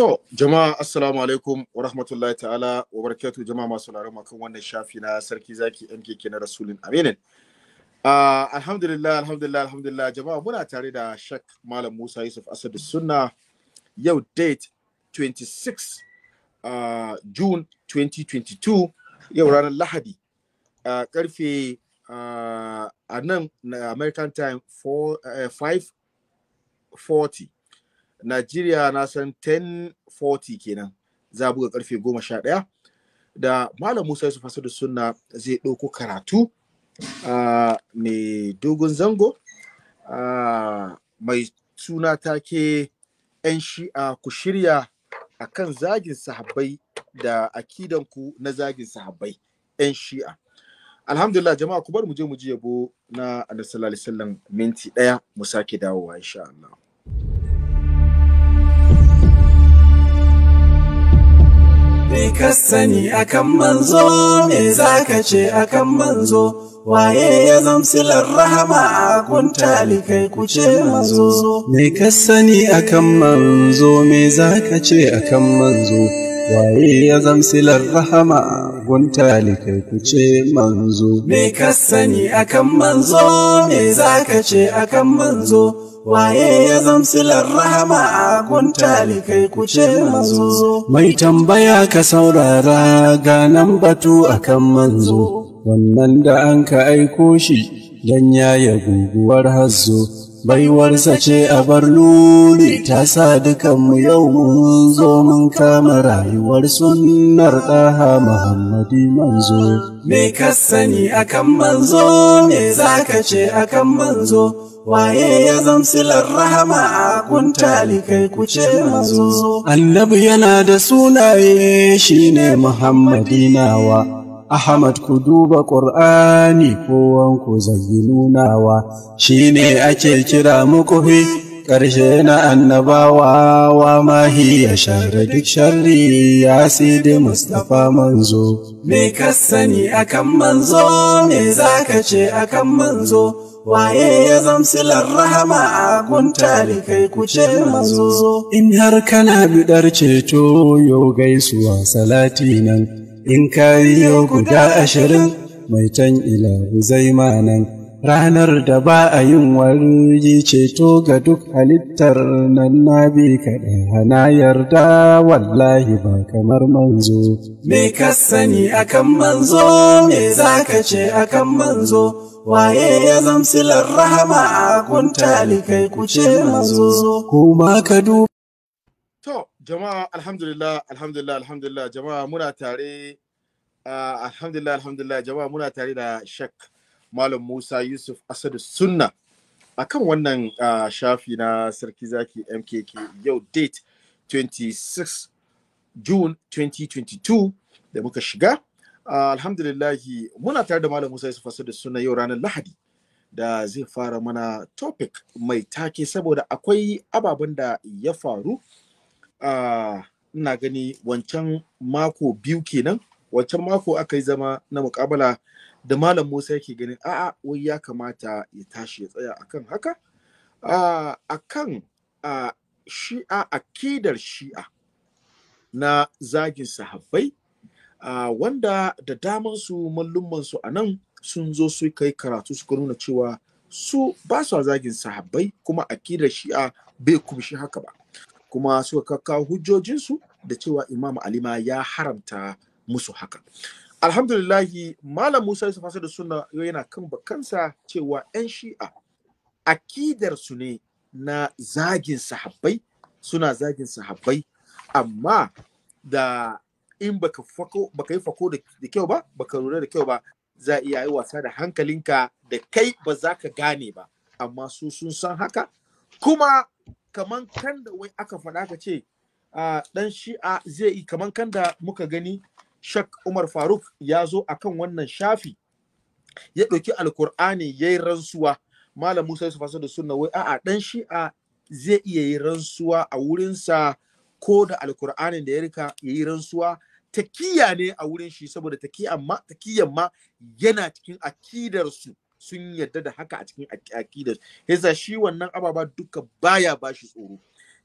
To, jama'a assalamu alaikum wa rahmatullahi ta'ala wa barakatuhu jama'a masu laron makan wannan shafi na sarki zaki MKK na Rasulun Aminin. Uh, alhamdulillah, alhamdulillah, alhamdulillah jama'a muna tare da Shek Malam Musa Yusuf Asadu Sunna yau date 26 uh, ah, June 2022 yau ranar Lahadi uh, karfe uh, a nan na American time 5:40 Najeriya na san 1040 kenan za buga karfe 11 da Malam Musa Yusuf Hassan Sunna zai ɗauko karatu mai dogon zango mai suna ta ke 'yan shi'a ku shirya a kan zagin sahabbai da akidanku na zagin sahabbai 'yan shi'a alhamdulillah jama'a ku bar mu je mu ji yabo na annabi sallallahu minti ɗaya, mu sake dawowa insha Allah Mai ka sani akan manzo me za ka ce akan manzo waye ya zamsilar rahama a kuntali kai kuce manzo me ka akan manzo me za ka ce akan manzo waye ya zamsilar rahama gunta likai ce manzo me ka sani akan manzo me zaka ce akan manzo waye ya zamsilar rahama a gunta likai ce manzo mai tambaya ka saurara ganan batu akan manzo wannan da an ka aiko shi don yi guguwar hazo baiwarsa ce a bar luli ta sa dukan mu yau mun zo mun kama rayuwar sunnar ɗaha muhammadi manzo me ka sani akan manzo me za ka ce akan manzo waye ya zamsilar rahama a talikai kai kuce manzo annabi yana da sunaye shine muhammadi nawa Ahmad ku duba ƙur'ani kowanku zayyinunawa shi ne ake kira mukufi ƙarshe na annabawa wa mahi ya share duk sharri ya sidi Mustapha manzo. Me ka sani akan manzo, me za ka ce akan manzo, waye ya zamsilar rahama a kuntali kai kuce manzo. In har kana biɗar ceto yo gaisuwa salati nan. in ka yi guda ashirin mai can ila zai manan ranar da ba a yin wari ceto ga duk halittar nan na bi kaɗa hana yarda wallahi ba kamar manzo me ka sani akan manzo me za ka ce akan manzo waye ya zamsilar rahama a kun talikai kuce manzo kuma ka duba jama'a alhamdulillah alhamdulillah alhamdulillah jama'a muna tare uh, alhamdulillah alhamdulillah jama'a muna tare da shek malam musa yusuf asadu sunna kan wannan uh, shafi na sarki zaki mkk yau date 26 june 2022 da muka shiga uh, alhamdulillahi muna tare da malam musa yusuf asadu sunna yau ranar lahadi da zai fara mana topic mai take saboda akwai ababen da ya faru Ah, ina gani wancan mako biyu kenan wancan mako aka yi zama na mukabala da malam musa yake ganin a'a wai ya kamata ya tashi ya tsaya akan haka a kan ah, shi'a akidar shi'a na zagin sahabbai ah, wanda da damar su mallumansu a nan sun zo su kai karatu suka nuna cewa su ba su zagin sahabbai kuma akidar shi'a bai kumshi haka ba kuma suka kakkawo hujjojinsu da cewa imam alima ya haramta musu haka alhamdulillahi malam musa yusuf da suna yana kan bakansa cewa 'yan shi'a akidarsu ne na zagin sahabbai suna zagin sahabbai amma da in baka fako yi fako da kyau ba baka lura da kyau ba za iya yi wasa da hankalinka da kai ba za ka gane ba amma su sun san haka kuma kaman kan da wai aka faɗa ka ce dan shi'a zai yi kaman kan da muka gani shak umar faruk ya zo akan wannan shafi ya ɗauki alkur'ani ya yi rantsuwa malam musa yusuf da sunna wai a'a dan shi'a zai iya yi rantsuwa a wurinsa ko da alkur'ani da ya rika ya yi rantsuwa takiya ne a wurin shi saboda takiyan ma ma yana cikin akidarsu su sun yarda da haka a cikin aƙidar yasa shi wannan ababa duka baya bashi tsoro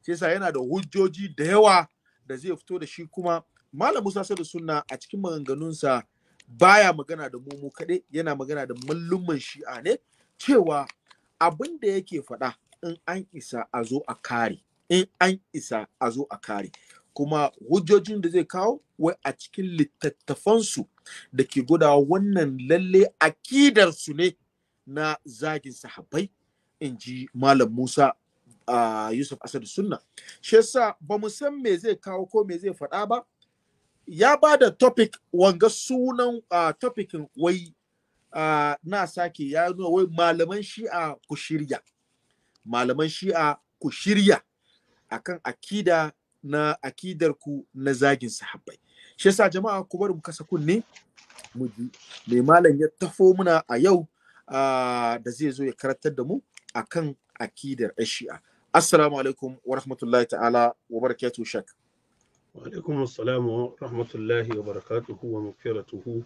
yasa yana da hujjoji da yawa da zai fito da shi kuma malam Musa da Sunna a cikin maganganunsa baya magana da mu kaɗai yana magana da mallumman shi'a ne cewa abin da yake faɗa in an isa a zo a kare in an isa a zo a kare kuma hujjojin da zai kawo wai a cikin littattafansu da ke gudawa wannan lalle akidarsu ne na zagin sahabbai in ji malam musa uh, yusuf asadu sunna shi yasa ba mu san me zai kawo ko me zai faɗa ba ya ba da topic wanga sunan uh, topicin wai na sake ya nuna wai malaman shi'a ku shirya malaman shi'a ku shirya akan akida na akidar ku na zagin sahabbai shi yasa jama'a ku bari mu kasa kunne mu ji mai malam ya tafo muna a yau da zai zo ya karantar da mu a kan akidar shi'a assalamu alaikum wa rahmatullahi ta'ala wa barakatuhu shak wa alaikum assalamu wa rahmatullahi wa barakatuhu wa maghfiratuhu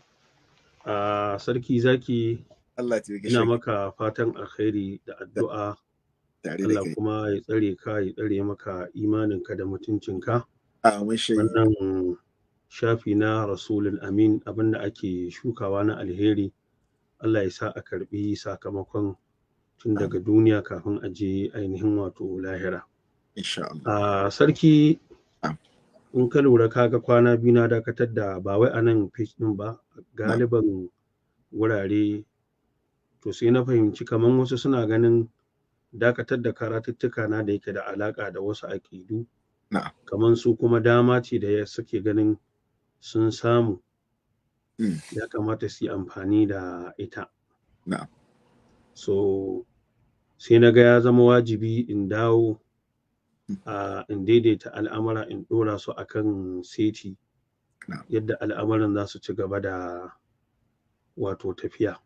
a sarki zaki Allah ta ina maka fatan alkhairi da addu'a Allah kuma ya tsare ka ya tsare maka imaninka da mutuncinka wannan shafi na rasulun amin abinda ake shukawa na alheri Allah ya sa a karɓi sakamakon tun daga duniya kafin a je ainihin wato lahira a sarki in ka lura kaga kwana biyu na dakatar da ba wai a nan page din ba galiban wurare to sai na fahimci kamar wasu suna ganin dakatar da karatuttuka na da yake da alaƙa da wasu aƙidu kamar su kuma dama ce da ya suke ganin sun samu Mm. ya kamata su yi amfani da ita so sai na ga ya zama wajibi in dawo mm. a in daidaita al'amura in ɗora su akan seti yadda al'amuran za su ci gaba da wato tafiya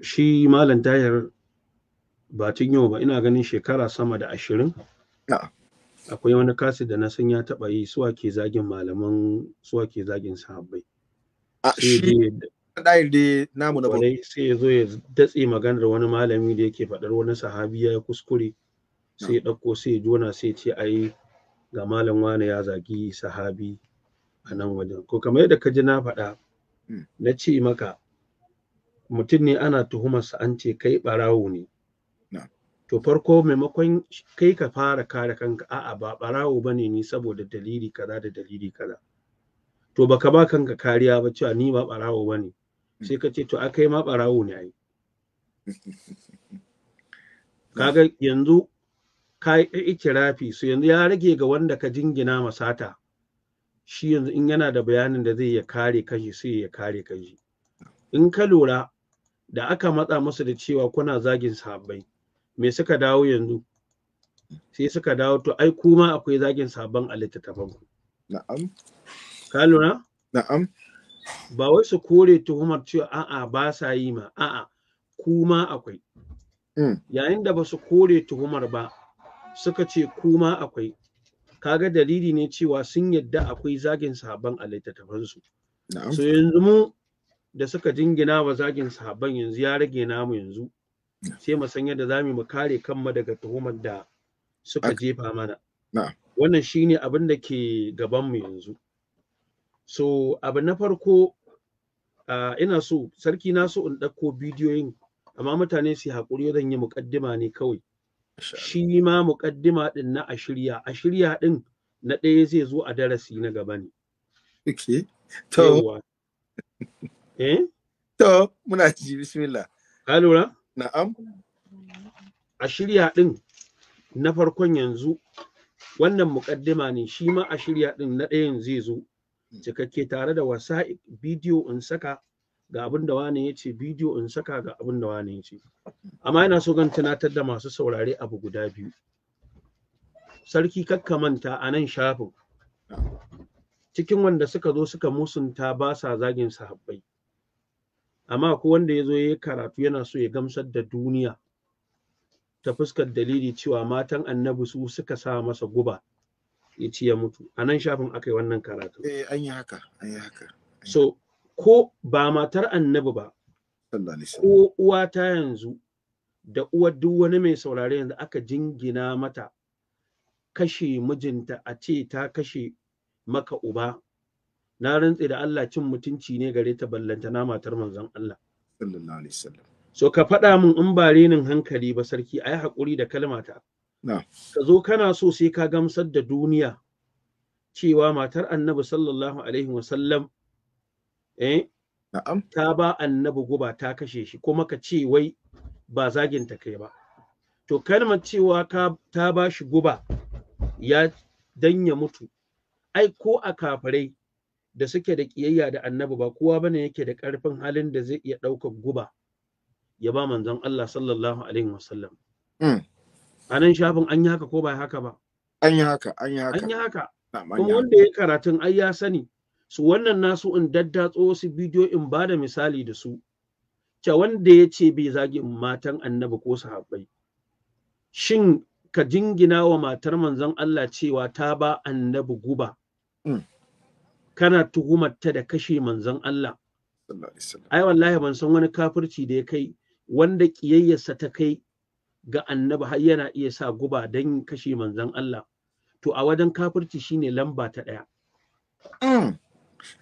shi malam tayar ba tun yau ba ina ganin shekara sama da ashirin akwai wani kasi da na san ya taɓa yi suwa ke zagin malaman suwa ke zagin sahabbai namu na sai ya zo ya datse maganar wani malami da yake faɗar wani sahabi ya kuskure sai ya ɗauko sai ya jona sai ce ai ga malam wane ya zagi sahabi a nan wajen ko kamar yadda ka ji na faɗa hmm. na ce maka mutum ne ana tuhumarsa an ce kai ɓarawo ne to farko maimakon kai ka fara kare kanka a'a ba barawo ne ni saboda dalili kaza da dalili kaza to baka ba kanka kariya ba cewa ni ba barawo ne sai ka ce to a kai ma barawo ne ai kaga yanzu ka yi ikirafi su yanzu ya rage ga wanda ka jingina masata shi yanzu in yana da bayanin da zai ya kare kashi sai ya kare kashi in ka lura da aka matsa masa da cewa kuna zagin sahabbai me suka dawo yanzu sai suka dawo to ai kuma akwai zagin sabon a littattafan ku na'am ka lura na'am ba wai su kore tuhumar cewa a'a ba sa yi ma a'a kuma akwai mm. yayin da ba su kore tuhumar ba suka ce kuma akwai kaga dalili ne cewa sun yadda akwai zagin sabon a Na'am. so yanzu mu da suka jingina wa zagin sabon yanzu ya rage namu yanzu sai mu san yadda zamu mu kare kanmu daga tuhumar da suka jefa mana wannan shine abin da ke gaban mu yanzu so abu na farko ina so sarki na so in ɗauko bidiyoyin amma mutane su haƙuri zan yi muƙaddima ne kawai shi ma muƙaddima din na ashirya ashirya din na ɗaya zai zo a darasi na gaba ne okay. to eh to muna ji bismillah ka lura Na'am. A shirya ɗin na farkon yanzu wannan muƙaddima ne shi ma a shirya ɗin na ɗayan zai zo cikakke tare da wasa bidiyo in saka ga abin da wane ya ce bidiyo in saka ga abin da wane ya ce amma yana so gan tunatar da masu saurare abu guda biyu sarki manta a nan shafin cikin wanda suka zo suka musunta ba sa zagin sahabbai amma akwai wanda ya zo ya yi karatu yana so ya gamsar da duniya ta fuskar dalili cewa matan annabi su suka sa masa guba ya ci ya mutu a nan shafin aka yi wannan karatu eh, so ko ba matar annabi ba ko uwa ta yanzu da uwa duk wani mai saurare yanzu aka jingina mata kashe mijinta a ce ta kashe maka uba na rantse da Allah cin mutunci ne gare ta ballanta na matar manzon Allah sallallahu alaihi wasallam so ka faɗa min in ba renin hankali ba sarki ayi haƙuri da kalmata na ka zo kana so sai ka gamsar da duniya cewa matar annabi sallallahu alaihi wasallam eh na'am ta ba annabi guba ta kashe shi kuma ka ce wai ba zagin ta kai ba to kalmar cewa ka ta ba shi guba ya danya mutu ai ko a kafirai da suke da ƙiyayya da annabi ba kowa bane yake da ƙarfin halin da zai iya ɗaukar guba ya ba manzon Allah sallallahu alaihi wasallam. Hmm. A nan shafin an yi haka ko ba haka ba? An yi haka, an yi haka. An yi haka. Kuma wanda ya karatun ai ya sani su wannan nasu in daddatso su bidiyo in ba da misali da su. Ca wanda ya ce bai zagi matan annabi ko sahabbai. Shin ka jingina wa matar manzon Allah cewa ta ba annabi guba. Hmm. kana tuhumarta da kashe manzon Allah ai wallahi ban san wani kafirci da ya kai wanda ƙiyayyarsa ta kai ga annabi har yana iya sa guba don kashe manzon Allah to a wajen kafirci shine lamba ta ɗaya. Mm.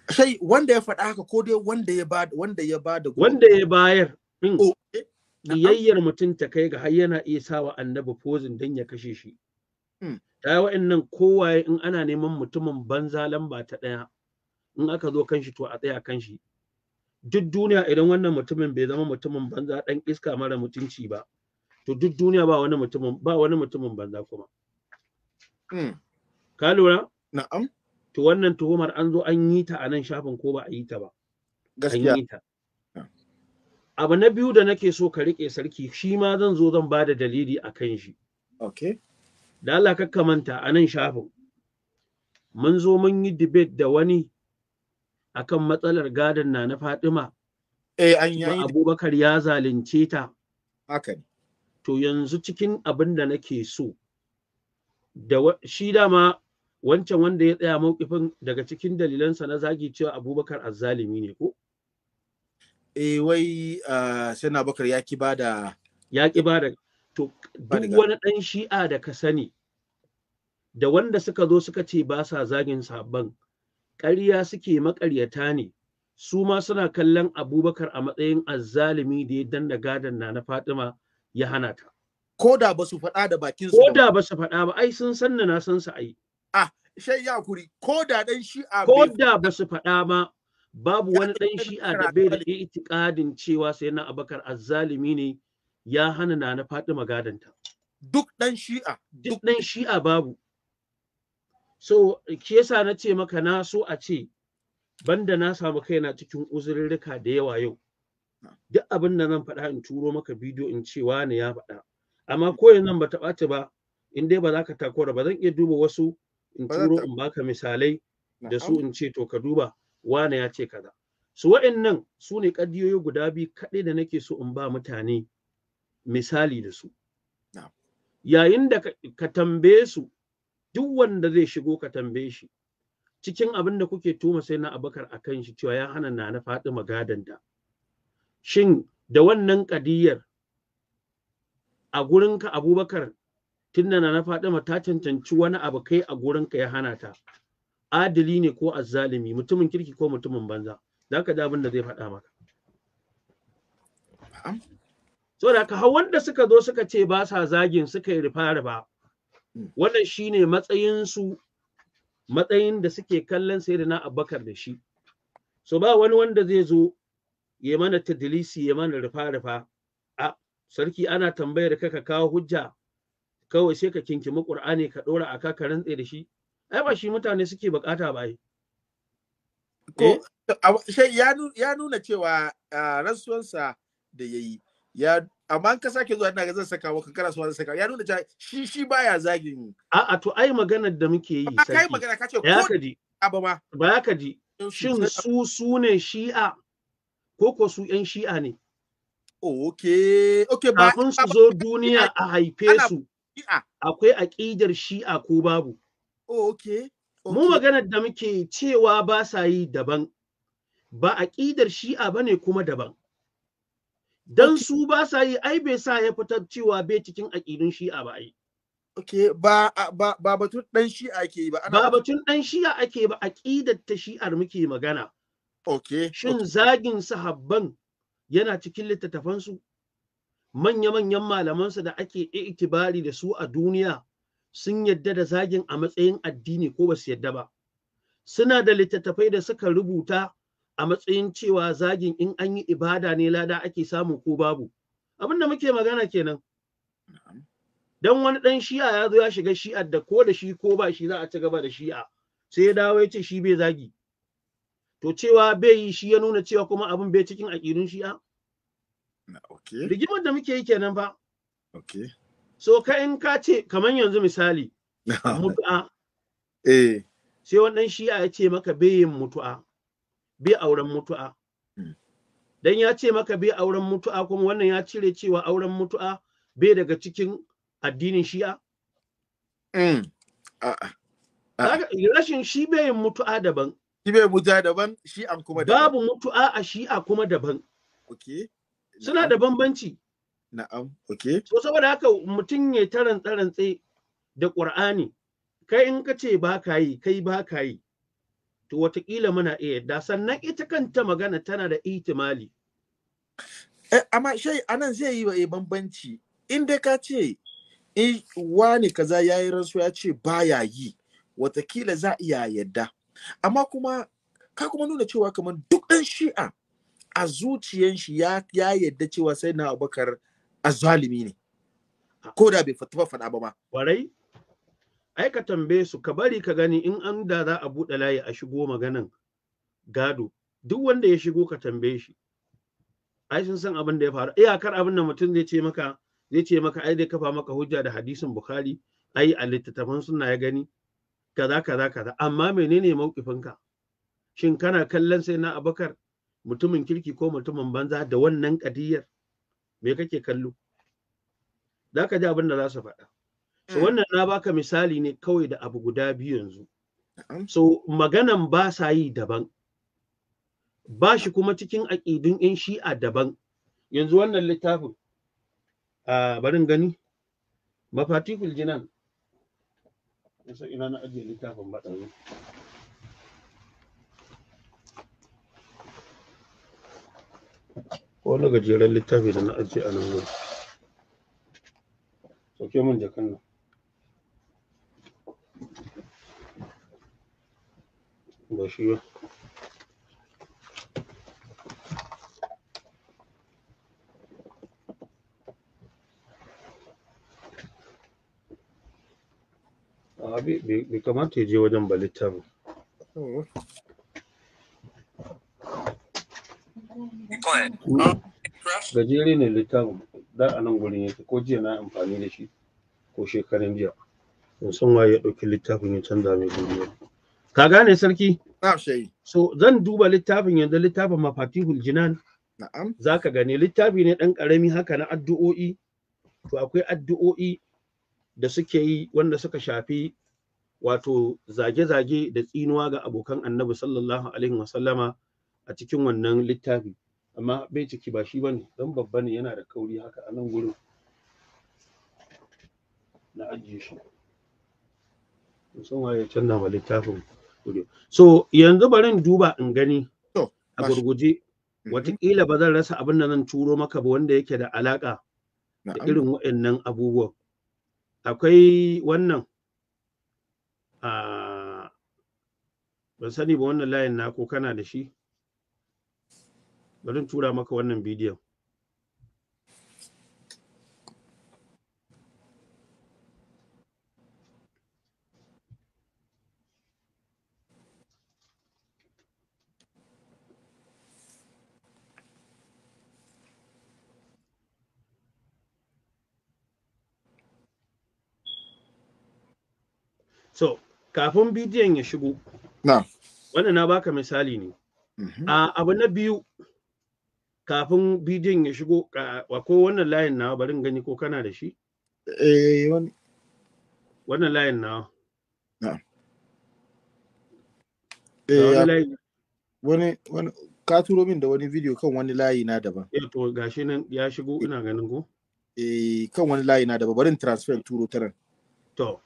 sai wanda ya faɗa haka ko dai wanda ya ba wanda ya ba da wanda ya bayar Kiyayyar mm, oh, eh, mutum ta kai ga har yana iya sawa annabi pozin don ya kashe shi mm. ta yi wa'annan kowaye in ana neman mutumin banza lamba ta ɗaya in aka zo kan shi to a tsaya kan shi duk duniya idan wannan mutumin bai zama mutumin banza dan iska mara mutunci ba to duk duniya ba wani mutumin ba wani mutumin banza kuma hmm. ka lura na'am to wannan tuhumar an zo an yi ta a nan shafin ko ba a yi ta ba gaskiya abu na biyu da nake so ka rike sarki shi ma zan zo zan ba da dalili a kan shi okay da Allah ka kamanta a nan shafin mun zo mun yi debate da wani akan matsalar gadon na na Fatima. Eh an yi Abubakar ya zalunce ta. Haka ne. To yanzu cikin abin da nake so da shi dama wancan wanda ya tsaya mawkifin daga cikin dalilansa na zagi cewa Abubakar azzalimi ne ko? Eh wai uh, na Abubakar ya ki bada ya ki da. to duk wani ɗan shi'a da ka sani da wanda suka zo suka ce ba sa zagin sabon ƙarya suke maƙaryata ne su ma suna kallon abubakar a matsayin azzalimi da ya danna gadon na na fatima ya hana ta ko da ba su faɗa da bakin su ko da ba su faɗa ba ai sun sanna na san su ai ah shai ya kuri ko da dan shi'a ko da ba su faɗa ba babu wani dan shi'a da bai da itikadin cewa sai na abakar azzalimi ne ya hana na na fatima gadonta duk dan shi'a duk dan shi'a babu so ki yasa na ce maka na so a ce banda na samu kaina cikin uzurrika da yawa yau duk abin da zan faɗa in turo maka bidiyo in ce wani ya faɗa amma ko yanzu ba ta ɓaci ba in dai ba za ka takura ba zan iya duba wasu in turo in baka misalai da su in ce to ka duba wani ya ce kaza su wa'annan su ne ƙadiyoyi guda biyu kaɗai da nake so in ba mutane misali da su yayin da ka tambaye su duk wanda zai shigo ka tambaye shi cikin abin da kuke tuma sai na abakar a kan shi cewa ya hana na na faɗi magadan da shin da wannan ƙadiyar a gurinka abubakar tun na na faɗi ta cancanci wani abu kai a gurinka ya hana ta adili ne ko azzalimi mutumin kirki ko mutumin banza za ka ji abin da zai faɗa maka so da ka wanda suka zo suka ce ba sa zagin suka yi rufa-rufa wannan shine matsayin su matsayin da suke kallon da na Abubakar da shi so ba wani wanda zai zo ya mana tadlisi ya mana rufa rufa a sarki ana tambayar ka ka kawo hujja kawai sai ka kinkimi Qur'ani ka dora aka ka rantse da shi ai ba shi mutane suke bukata ba eh? ya nuna cewa rasuwansa da yayi ya amma ka sake zuwa ina ga zan saka maka kana so zan saka ya nuna shi shi baya zagin a a to ai maganar da muke yi sai kai magana kace ko kaji aba ma ba ka ji shin su su ne shi'a ko ko su yan shi'a ne okay okay ba kafin su zo duniya a haife su akwai aƙidar shi'a ko babu okay mu maganar da muke cewa ba sa yi daban ba aƙidar shi'a bane kuma daban dan su ba sa yi ai bai sa ya fitar cewa bai cikin aƙidun shi'a ba ai Okay, ba ba ba batun dan shi'a ake ba. Ana... Ba batun dan shi'a ake ba aqidar ta shi'ar muke magana. Okay. Shin zagin sahabban yana cikin littattafan su? Manya-manyan malaman su da ake itibari da su a duniya sun yadda da zagin a matsayin addini ko ba su yadda ba. Suna da littattafai da suka rubuta a matsayin cewa zagin in an yi ibada ne lada ake samu ko babu abin da muke magana kenan dan wani dan shi'a ya zo ya shiga shi'a da ko da shi ko ba shi za a ci gaba da shi'a sai ya dawo ya ce shi bai zagi to cewa bai yi shi ya nuna cewa kuma abin bai cikin aƙidun shi'a rigimar da muke yi kenan fa so ka in ka ce kamar yanzu misali mutu'a eh. sai wani dan shi'a ya ce maka bai yin mutu'a Bi auren mutu'a hmm. dan ya ce maka bi auren mutu'a kuma wannan ya cire cewa auren mutu'a bai daga cikin addinin shi'a hmm. rashin shi bai mutu'a daban shi bai mutu'a daban shi an kuma daban babu mutu'a a shi'a kuma daban okay suna da bambanci na'am okay so saboda haka mutum ya taran da qur'ani kai in ka ce ba ka yi kai ba ka yi to watakila muna iya yadda sannan ita kanta magana tana da ihtimali eh, amma shai anan zai yi wa eh, bambanci in dai ka ce in eh, wani kaza ya yi rasu ya ce baya yi watakila za iya yadda amma kuma ka kuma nuna cewa kamar duk ɗan shi'a a zuciyan shi ya yadda cewa sai na abubakar azalimi ne ko da bai fata faɗa ba ma. Warai? ai ka tambaye su ka bari ka gani in an da za a buɗe layi a shigo maganan gado duk wanda ya shigo ka tambaye shi ai sun san abin da ya faru iyakar abin da mutum zai ce maka zai ce maka ai dai kafa maka hujja da hadisin bukhari ai a littattafan suna ya gani kaza kaza kaza amma menene maukifinka shin kana kallon sai na abakar mutumin kirki ko mutumin banza da wannan kadiyar me kake kallo za ka ji abin da za su faɗa so mm. wannan na baka misali ne kawai da abu guda biyu yanzu so maganan ba sa yi daban ba shi kuma cikin aƙidun in shi'a daban yanzu wannan littafin a barin gani mafatihul jinan yasa ina na ajiye littafin ba Ko wani gajeren littafi da na ajiye a nan wurin sauke min jakan nan da shi ba bai kamata ya je wajen ba littafin gajere ne littafin da a nan gurin yake ko jiya na amfani da shi ko shekarun jiya ban san waye ya ɗauki littafin ya canza mai gurin ka gane sarki so zan duba littafin yanzu littafin mafatihul jinan na'am zaka gane littafi ne dan karami haka na addu'o'i to akwai addu'o'i da suke yi wanda suka shafi wato zage-zage da tsinuwa ga abokan annabi sallallahu alaihi wasallama a cikin wannan littafi amma bai ciki ba shi bane dan babba ne yana da kauri haka a nan gurin na ajiye shi musamman ya canza ma littafin kuskure so yanzu bari in duba in gani a gurguje mhm. watakila ba zan rasa abin da zan turo maka ba wanda yake da alaka da irin waɗannan abubuwan akwai wannan ah, ban sani ba wannan layin ko kana da shi bari tura maka wannan bidiyon so kafin bidiyon ya shigo nah. wannan na baka misali ne mhm. a abu na biyu kafin bidiyon ya shigo uh, ko wannan layin nawa barin gani ko kana da shi eh wannan wannan layin nawa nah. eh, wani wani ka turo min da wani video kan wani layi na daban eh to gashi nan ya shigo ina ganin ko eh kan wani layi na daban barin transfer turo nan. to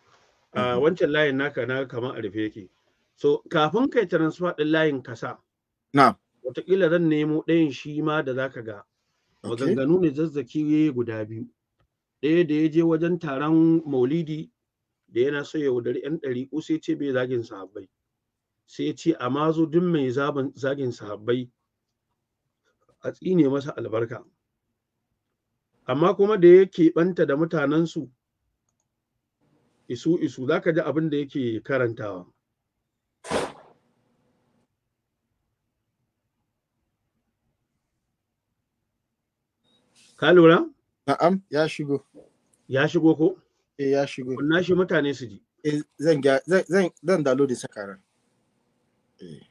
a mm-hmm. wancan layin naka na kamar a rufe yake so kafin kai transfer din layin kasa na wataƙila zan nemo ɗayan shi ma da zaka ga maganganu ne zazzaki guda biyu ɗaya da ya je wajen taron maulidi da yana so ya yaudari yan ɗari ko sai ce bai zagin sahabbai sai ce a mazo duk mai zagin sahabbai a tsine masa albarka amma kuma da ya keɓanta da mutanensu isu isu za ka ji abin da yake karantawa ka lura na'am ya shigo ya shigo ko eh ya shigo kunna shi mutane su ji eh, zan zan dalo da sakaran eh,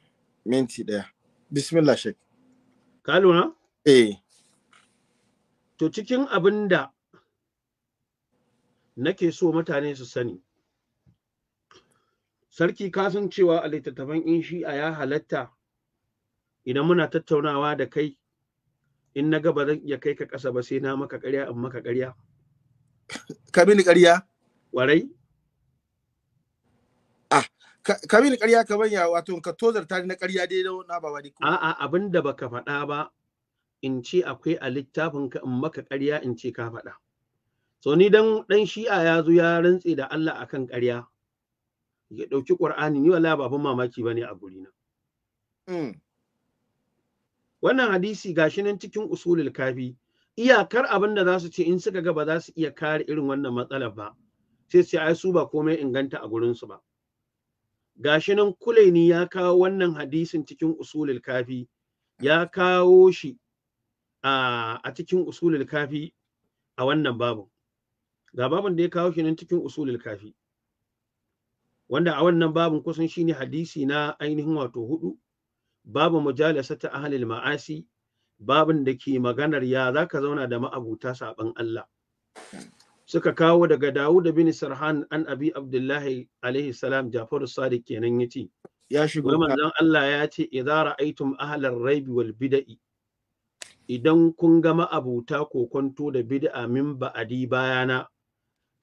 minti daya bismillah shek ka lura eh to cikin abin da nake so mutane su sani sarki kasan cewa a littattafan in shi'a ya halatta idan muna tattaunawa da kai in na gaba zan iya kai ka ƙasa ba sai na maka ƙarya in maka ƙarya ka mini ƙarya warai ah ka mini ƙarya ka banya wato ka tozarta na ƙarya dai na ba wani a'a abin da baka faɗa ba in ce akwai a littafin ka in maka ƙarya in ce ka faɗa so ni dan dan shi'a ya zo ya rantse da Allah akan ƙarya ya ɗauki ƙur'ani ni wallahi ba mamaki bane a guri na mm. wannan hadisi gashi nan cikin usulul kafi iyakar abin da za su ce in suka ga ba za su iya kare irin wannan matsalar ba sai sai ai su ba komai inganta a gurin su ba gashi nan kulaini ya kawo wannan hadisin cikin usulul kafi ya kawo shi a cikin usulul kafi a wannan babu ga babin da ya kawo shi nan cikin usulul kafi wanda a wannan babin kusan shine hadisi na ainihin wato hudu babu mujalasa ta ahlil ma'asi babin da ke maganar ya za ka zauna da ma'abuta saban Allah suka kawo daga Dawud bin Sarhan an Abi Abdullahi alaihi salam Jafaru Sadiq kenan yace ya shigo manzon Allah ya ce idza ra'aytum ahlar raib wal bid'i idan kun ga ma'abuta kokonto da bid'a min ba'adi bayana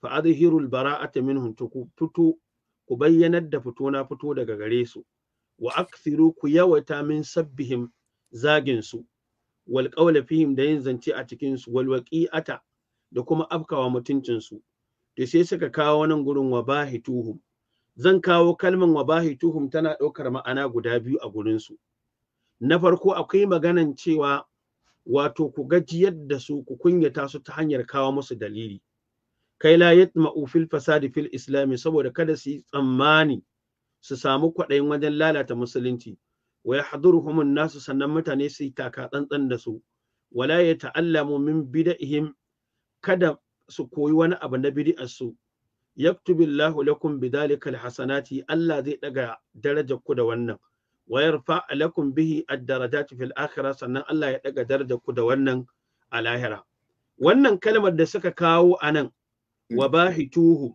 fa adhirul bara'ata minhum ku fito ku bayyanar da fito na fito daga gare su wa aksiru ku yawata min sabbihim zagin su wal qawla fihim da yin zance a cikin su wal waqi'ata da kuma afkawa mutuncin su da sai suka kawo nan gurin wa bahituhum zan kawo kalman wa bahituhum tana ɗaukar ma'ana guda biyu a gurin su na farko akwai maganan cewa wato ku gajiyar da su ku kunyata su ta hanyar kawo musu dalili kai la yatma'u fil fasadi fil islami saboda kada su yi tsammani su samu kwaɗayin wajen lalata musulunci wa yahduruhum nasu sannan mutane su yi taka tsantsan da su wala ya min bid'ihim kada su koyi wani abu na bid'ar su yaktubillahu Allahu lakum bidhalika alhasanati Allah zai daga darajar ku da wannan wa yarfa lakum bihi ad-darajati fil akhirah sannan Allah ya daga darajar ku da wannan a lahira wannan kalmar da suka kawo anan wa mm. bahituhu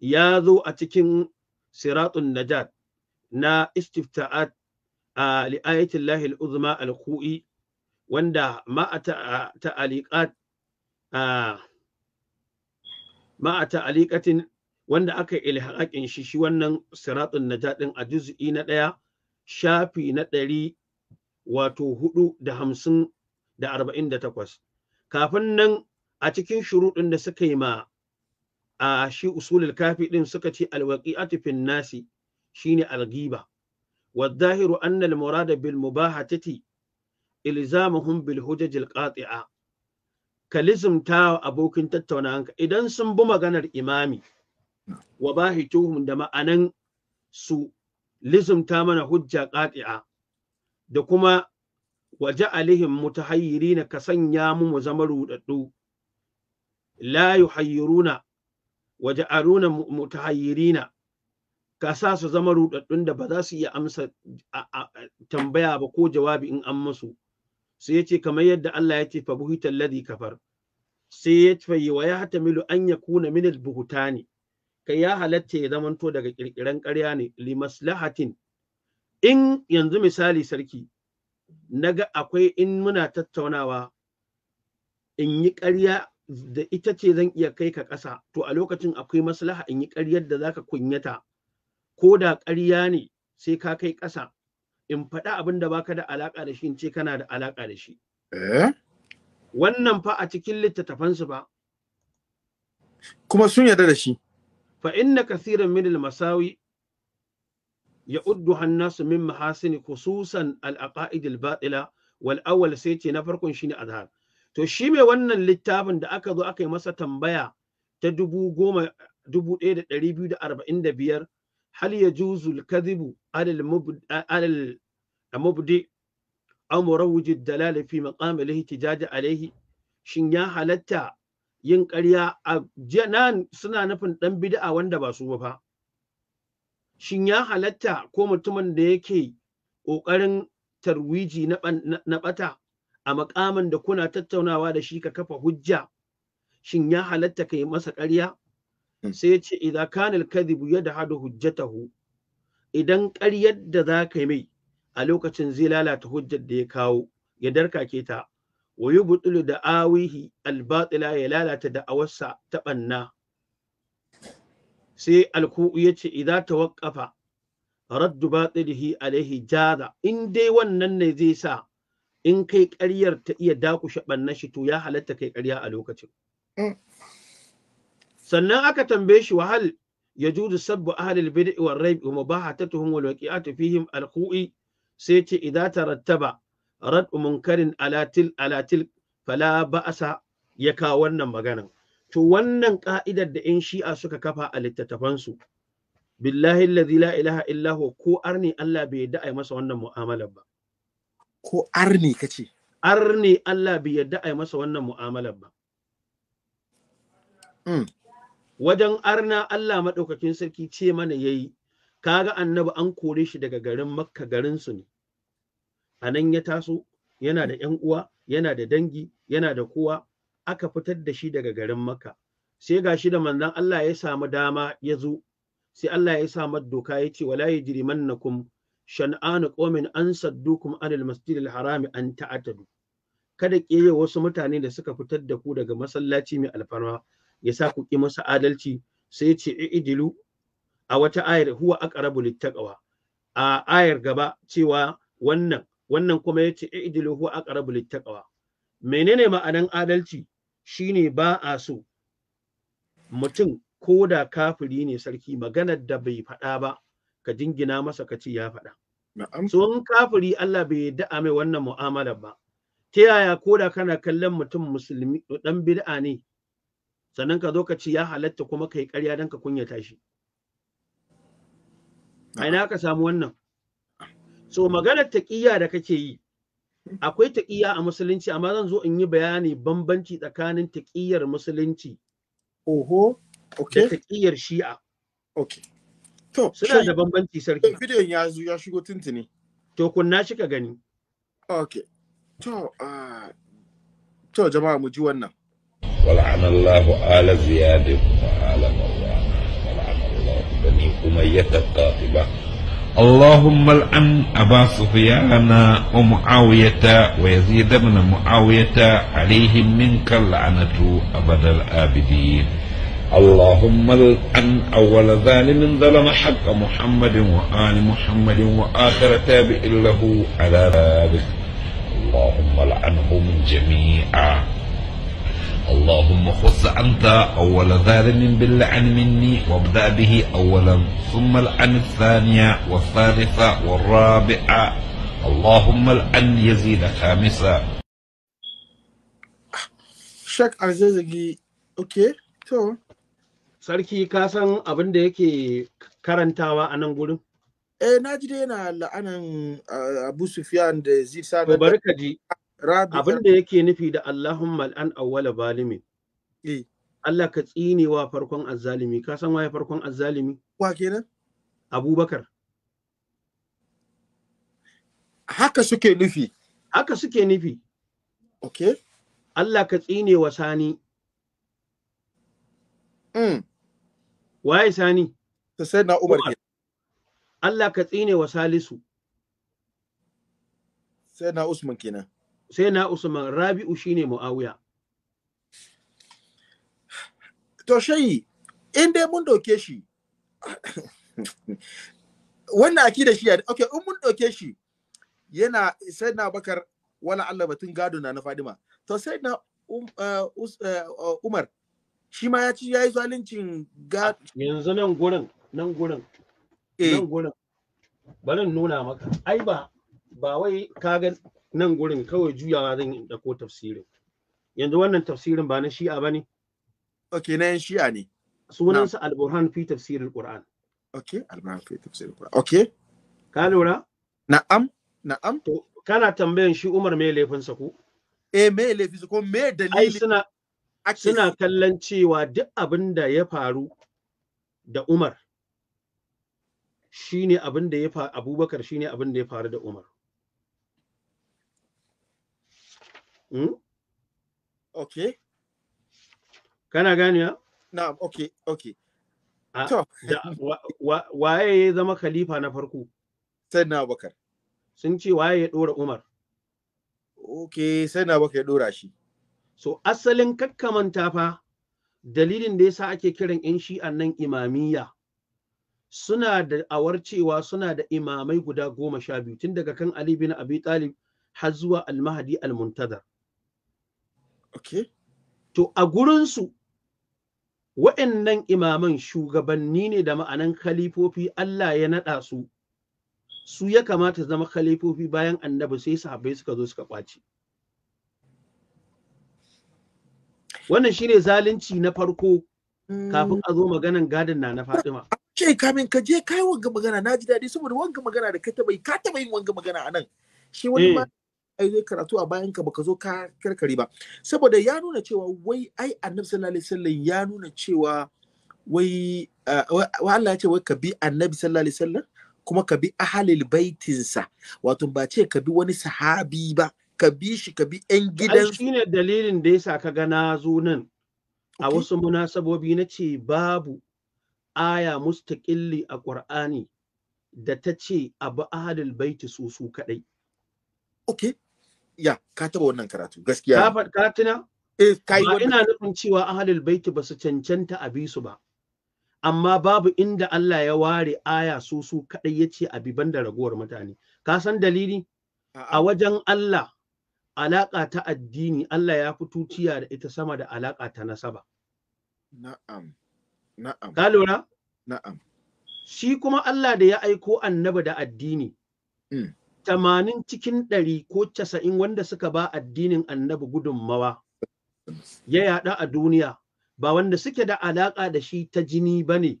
ya zo a cikin siratun najat na istifta'at a li'ayatin lahil uzma al-ku'i wanda ma'a ta'aliqat wanda aka ilhaqin shi shi wannan siratun najat din a juz'i na ɗaya shafi na ɗari wato hudu da hamsin da arba'in da takwas kafin nan a cikin shuruɗin da suka yi ma a shi usulul kafi din suka ce alwaqi'atu fin nasi shine algiba wadahiru anna al bil mubahatati ilzamuhum bil hujaj al qati'a kalizm ta abokin tattaunawanka idan sun bi maganar imami wa bahituhum da ma'anan su lizumta mana hujja qati'a da kuma waje ta mutahayyirina ka sanya mu mu zama rudaddu la yuhayyiruna waje aruna mutahayirina ka sa su zama rudaddun da ba za su iya amsa tambaya ba ko jawabi in an musu sai yace kamar yadda Allah ya ce fa buhita alladhi kafar sai ya ce wa ya hatamilu an yakuna min al ne? kai ya halatta ya zamanto daga kirkiran ƙarya ne li maslahatin in yanzu misali sarki naga akwai in muna tattaunawa in yi ƙarya da ita ce zan iya kai ka ƙasa to a lokacin akwai maslaha in yi ƙaryar da zaka kunyata ko da ƙarya ne sai ka kai ƙasa in faɗa abin da baka da alaƙa da shi in ce kana da alaƙa da shi eh? wannan fa a cikin littattafansu ba kuma sun yarda da shi fa inna kathiran min al-masawi al-aqaid al-batila wal awwal sai ce na farkon shine azhar. to shi mai wannan littafin da aka zo aka yi masa tambaya ta dubu goma dubu ɗaya da ɗari biyu da arba'in da biyar hal ya juzu kadibu alal mubdi amuran murawwij dalal fi maqam tijaji alaihi shin ya halatta yin ƙarya a janan suna nufin ɗan bid'a wanda ba su ba fa shin ya halatta ko mutumin da yake ƙoƙarin tarwiji na ɓata a makamin da kuna tattaunawa da shi ka kafa hujja shin ya halatta ka yi masa ƙarya hmm. sai ya ce idza kana da hadu hujja hujjatahu idan ƙaryar da za ka yi mai a lokacin zai lalata hujjar da ya kawo ya darkake ta wa butulu da awihi albatila ya lalata da awarsa ta ɓanna. sai alku'u ya ce idan ta waƙafa raddu batilihi alaihi jaza in dai wannan ne zai sa in kai ƙaryar ta iya dakushe ɓannan shi to ya halatta kai ƙarya a lokacin mm. sannan aka tambaye shi wahal ya a سب أهل البدع Sai fihim والوقيعة ta الخوء سيتي إذا ترتب رد alatil alatil alatil fala sa ya kawo wannan maganan to wannan ƙa'idar da in shi'a suka kafa a littattafansu billahi alladhi la ilaha illa huwa ko arni Allah bai yadda ai masa wannan mu'amalar ba ko arni ka ce arni Allah bai yarda a yi masa wannan mu'amalar ba hmm. wajen arna Allah maɗaukakin sarki ce mana yayi kaga annabi an kore shi daga garin makka garinsu ne a nan ya taso yana da ‘yan uwa yana da dangi yana da kowa aka fitar da shi daga garin makka sai ga shi da manzon Allah ya samu dama ya zo sai Allah ya samu doka ya ce wala yajrimannakum shan'anu qaumin an saddukum anil masjidil harami an ta'atadu kada ƙeye wasu mutane da suka fitar da ku daga masallaci mai alfarma ya sa ku ki masa adalci sai ce idilu a wata ayar huwa aqrabu littaqwa a ayar gaba cewa wannan wannan kuma yace idilu huwa aqrabu littaqwa menene ma'anan adalci shine ba a so mutum ko da kafiri ne sarki maganar da bai faɗa ba ka jingina masa ka ce ya faɗa. So in kafiri Allah bai yadda a mai wannan mu'amalar ba. Ta yaya ko da kana kallon mutum musulmi ɗan bid'a ne sannan ka zo ka ce ya halatta kuma ka yi ƙarya don ka kunyata shi. A ina ka samu wannan. So maganar taƙiyya da kake yi akwai taƙiyya a musulunci amma zan zo in yi bayani bambanci tsakanin taƙiyyar musulunci. Oho, okay. Da taƙiyyar shi'a. Okay. To, suna da bambanci sarki. Eh, bidiyon ya zo ya shigo tuntuni. To, kun na shi gani. Ok. To, ah, to jama'a mu ji wannan. Wal'anallahu ala ziyadin wa ala mawa'ana. اللهم لعن أبا سفيان ومعاوية ويزيد بن معاوية عليهم منك الآبدين اللهم الان اول ظالم ظلم حق محمد وال محمد واخر تابع له على ذلك اللهم لعنهم جميعا اللهم خص أنت أول ظالم باللعن مني وابدأ به أولا ثم العن الثانية والثالثة والرابعة اللهم الان يزيد خامسا شك عزيزي اوكي تو sarki ka san abin da yake karantawa a nan gurin? Eh, na ji dai yana la'anan eh, Abu Sufyan da Yazid Sada. Bari barka ji. Abin da yake nufi da Allahumma al'an awwala balimi. Eh. Allah ka tsine wa farkon azzalimi. Ka san waye farkon azzalimi? Wa kenan? Abubakar. Haka suke nufi. Haka suke nufi. Okay. Allah ka tsine wa sani. Mm. waye sani ta sai na umar Allah ka tsine wa salisu sai na usman kenan sai na usman rabi'u shine muawiya to shayi in dai mun doke shi wannan aki da shi ya Ok, in mun doke shi yana sai na bakar wala Allah batun gado na na fadima to sai na um, uh, uh, uh, umar shi ma ya ci ya yi zalincin ga yanzu nan gurin nan gurin eh. nan gurin barin nuna maka ai ba ba wai kaga nan gurin kawai juyawa zan yi ko tafsirin yanzu wannan tafsirin ba na shi'a ba ne ok na yan shi'a ne sunansa al-burhan fi tafsirin qur'an ok al-burhan fi tafsirin qur'an ok ka lura na'am na'am to kana tambayan shi umar me laifinsa ko eh me sa ko me dalili ai suna suna kallon cewa duk abin da ya faru da Umar shine abin da ya faru Abubakar shine abin da ya faru da Umar hmm? okay kana gani ya na'am okay okay to waye ya zama khalifa na farko sai na Abubakar sun ce waye ya dora Umar okay sai na Abubakar ya dora shi so asalin kakkamanta fa dalilin da yasa ake kiran yan shi'an nan imamiyya suna da awar cewa suna da imamai guda goma sha biyu tun daga kan Ali bin Abi Talib har zuwa Al-Mahdi okay to a gurinsu wa'annan imaman shugabanni ne da ma'anan khalifofi Allah ya naɗa su su ya kamata zama khalifofi bayan annabi sai sahabbai suka zo suka ƙwace wannan shine zalunci na farko mm. kafin a zo maganan gadon na na Fatima. Ce kamin ka je kai wanga magana na ji daɗi saboda wanga magana da ka taɓa yi ka taɓa yin wanga magana a nan. Shi wani eh. ma ai zai karatu a bayan ka baka zo ka karkare ba saboda ya nuna cewa wai ai Annabi sallallahu alaihi ya nuna cewa wai eh, wa Allah ya ce wai ka bi Annabi sallallahu alaihi kuma ka bi ahalil baitinsa wato ba ce ka bi wani sahabi ba ka bi shi ka bi 'yan gidan shi ne dalilin da yasa ka ga na zo nan a wasu munasabobi na ce babu aya mustaƙilli a ƙur'ani da ta ce abu ahalul baiti su su kaɗai. Okay. Ya, ka taɓa wannan karatu gaskiya. Ka tuna? Eh, ina nufin cewa halin baiti ba su cancanta a su ba. Amma babu inda Allah ya ware aya su su kaɗai ya ce bi banda raguwar mutane. Ka san dalili? A wajen Allah alaƙa ta addini Allah ya fi tuciya da ita sama da alaƙa ta nasaba. Na'am. Na'am. Ka lura? Na'am. Shi kuma Allah da ya aiko annabi da addini. Mm. Tamanin cikin ɗari ko casa'in wanda suka ba addinin annabi gudunmawa ya yaɗa a duniya ba wanda suke da alaƙa da shi ta jini ba ne.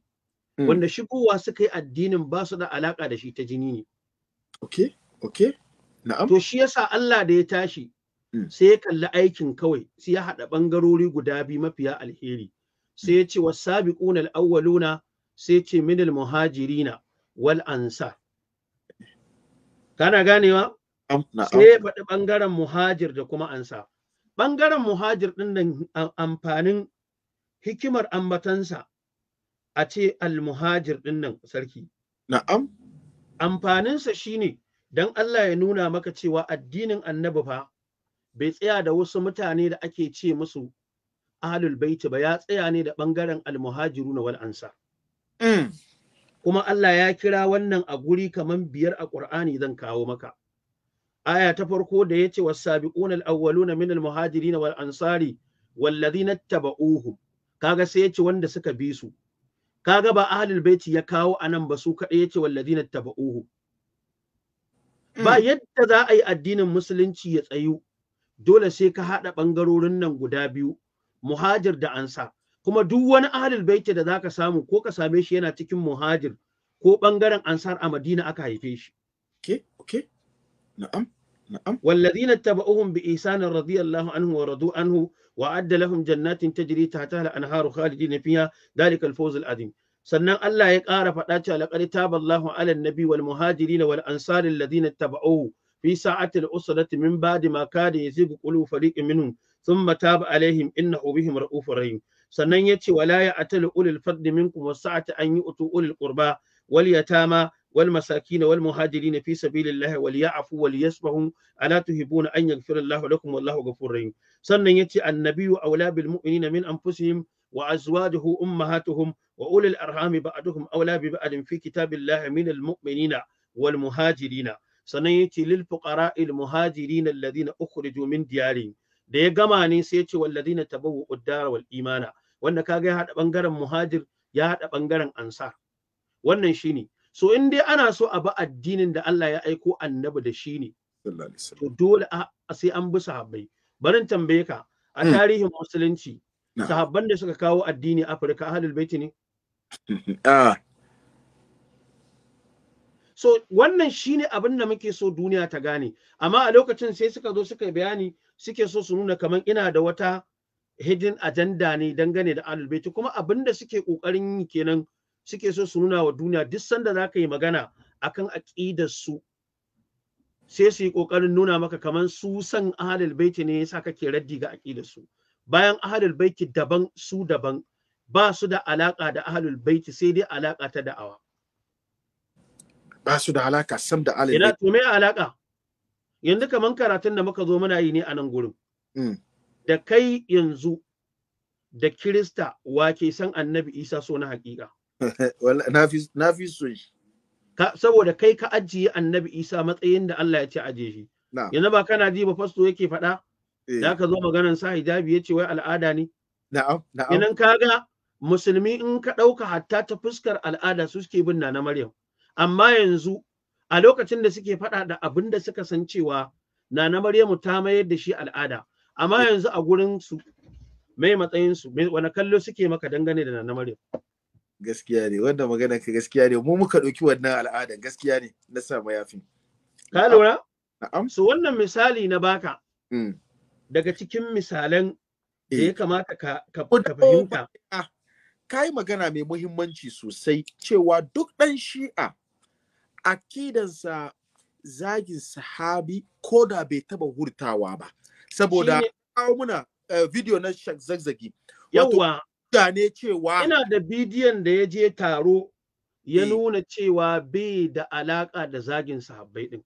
Mm. Wanda shigowa suka yi addinin ba su da alaƙa da shi ta jini ne. Okay, okay. To shi yasa Allah da ya tashi mm. sai ya kalli aikin kawai sai ya haɗa ɓangarori guda biyu mafiya alheri. Sai ya ce wasabiquna al-awwaluna sai ce minal muhajirina wal ansar. Kana ganewa? Sai ya faɗi ɓangaren muhajir da kuma ansa. Ɓangaren muhajir ɗin nan amfanin hikimar ambatansa a ce al-muhajir ɗin nan sarki. Na'am. Amfaninsa shine don Allah ya nuna maka cewa addinin annabi fa bai tsaya da wasu mutane da ake ce musu ahlul baiti ba ya tsaya ne da ɓangaren almuhajiruna wal mm. kuma Allah ya kira wannan a guri kaman biyar a Qur'ani zan kawo maka aya ta farko da yace was-sabiquna al-awwaluna min al-muhajirin wal ansari walladhina tabauhu kaga sai yace wanda suka bi su kaga ba ahlul baiti ya kawo anan ba su kadai yace walladhina tabauhu ba mm. yadda za a yi addinin musulunci ya tsayu dole sai ka haɗa ɓangarorin nan guda biyu muhajir da ansa kuma duk wani ahlul baiti da zaka samu ko ka same shi yana cikin muhajir ko ɓangaren ansar a madina aka haife shi okay okay na'am na'am walladhina tabauhum bi ihsanin radiyallahu anhu wa radu anhu wa'adda adda lahum jannatin tajri tahtaha al-anharu khalidina fiha dhalika al azim sannan Allah ya ƙara faɗa cewa laqad taballahu 'alan nabi wal muhajirin wal ansari alladhina tabauhu fi sa'ati usrati min ba'di ma kada yazigu qulu fariqin minhum thumma taba alaihim innahu bihim ra'ufur rahim sannan yace wala ya'talu ulul fadli minkum wasa'ati an yu'tu ulul qurba wal yatama wal masakin wal muhajirin fi sabilillahi wal ya'fu wal yasfahu ala tuhibuna an yaghfira Allahu lakum wallahu ghafurur rahim sannan yace annabiyyu awla bil mu'minina min anfusihim وأزواجه أمهاتهم وأولي الأرحام بعدهم أولى ببعد في كتاب الله من المؤمنين والمهاجرين سنيتي للفقراء المهاجرين الذين أخرجوا من ديارهم da ya gama ne sai ya ce walladina tabawwa uddara wal imana wanda kaga ya hada bangaren muhajir ya hada bangaren ansar wannan shine so in dai ana so a bi addinin da Allah ya aiko annabi da shi ne to dole sai an bi sahabbai barin tambaye ka a hmm. tarihin musulunci sahabban da suka kawo addini Afirka ahlul baiti ne ah so wannan shine abin da muke so duniya ta gane amma a lokacin sai suka zo suka bayani suke so su nuna kaman ina da wata hidden agenda ne dangane da ahlul baiti kuma abin da suke kokarin yi kenan suke so su nuna wa duniya duk sanda za ka yi magana akan aqidar su sai su yi ƙoƙarin nuna maka kaman su san ahlul baiti ne yasa kake raddi ga aqidar su bayan ahalul baiti daban su daban ba su da alaka da ahalul baiti sai dai alaka ta da'awa ba su da alaka sam da ahlul ina to me alaka yanzu kaman karatun da muka zo muna yi ne a nan gurin hmm. da kai yanzu da kirista wake san annabi isa so na hakika na fi so shi saboda kai ka ajiye annabi isa matsayin da Allah ya ce ajiye shi yanzu ba kana ji ba fasto yake faɗa da eh. ka zo maganan sa hijabi ya ce wai al'ada ne na'am na'am idan kaga musulmi in ka ɗauka hatta ta fuskar al'ada su suke bin na Maryam amma yanzu a lokacin da suke faɗa da abin da suka san cewa Nana Maryamu ta mayar da shi al'ada, amma eh. yanzu a gurin su mai matsayin su wani kallo suke maka dangane da Nana Maryam. Gaskiya ne, wannan magana ka gaskiya ne, mu muka ɗauki wannan al'adan. gaskiya ne na sa mayafin. Ka lura? Na'am. So wannan misali na baka. Mm. daga cikin misalan da ya eh. kamata ka, ka, fahimta. Ka yi magana mai muhimmanci sosai cewa duk ɗan shi'a akidansa zagin sahabi ko da bai taba hurtawa ba. Saboda kawo muna eh, video na zagzagi. Yawa. cewa. Ina da bidiyon da ya je taro ya eh. nuna cewa bai da alaƙa da zagin sahabbai ɗin.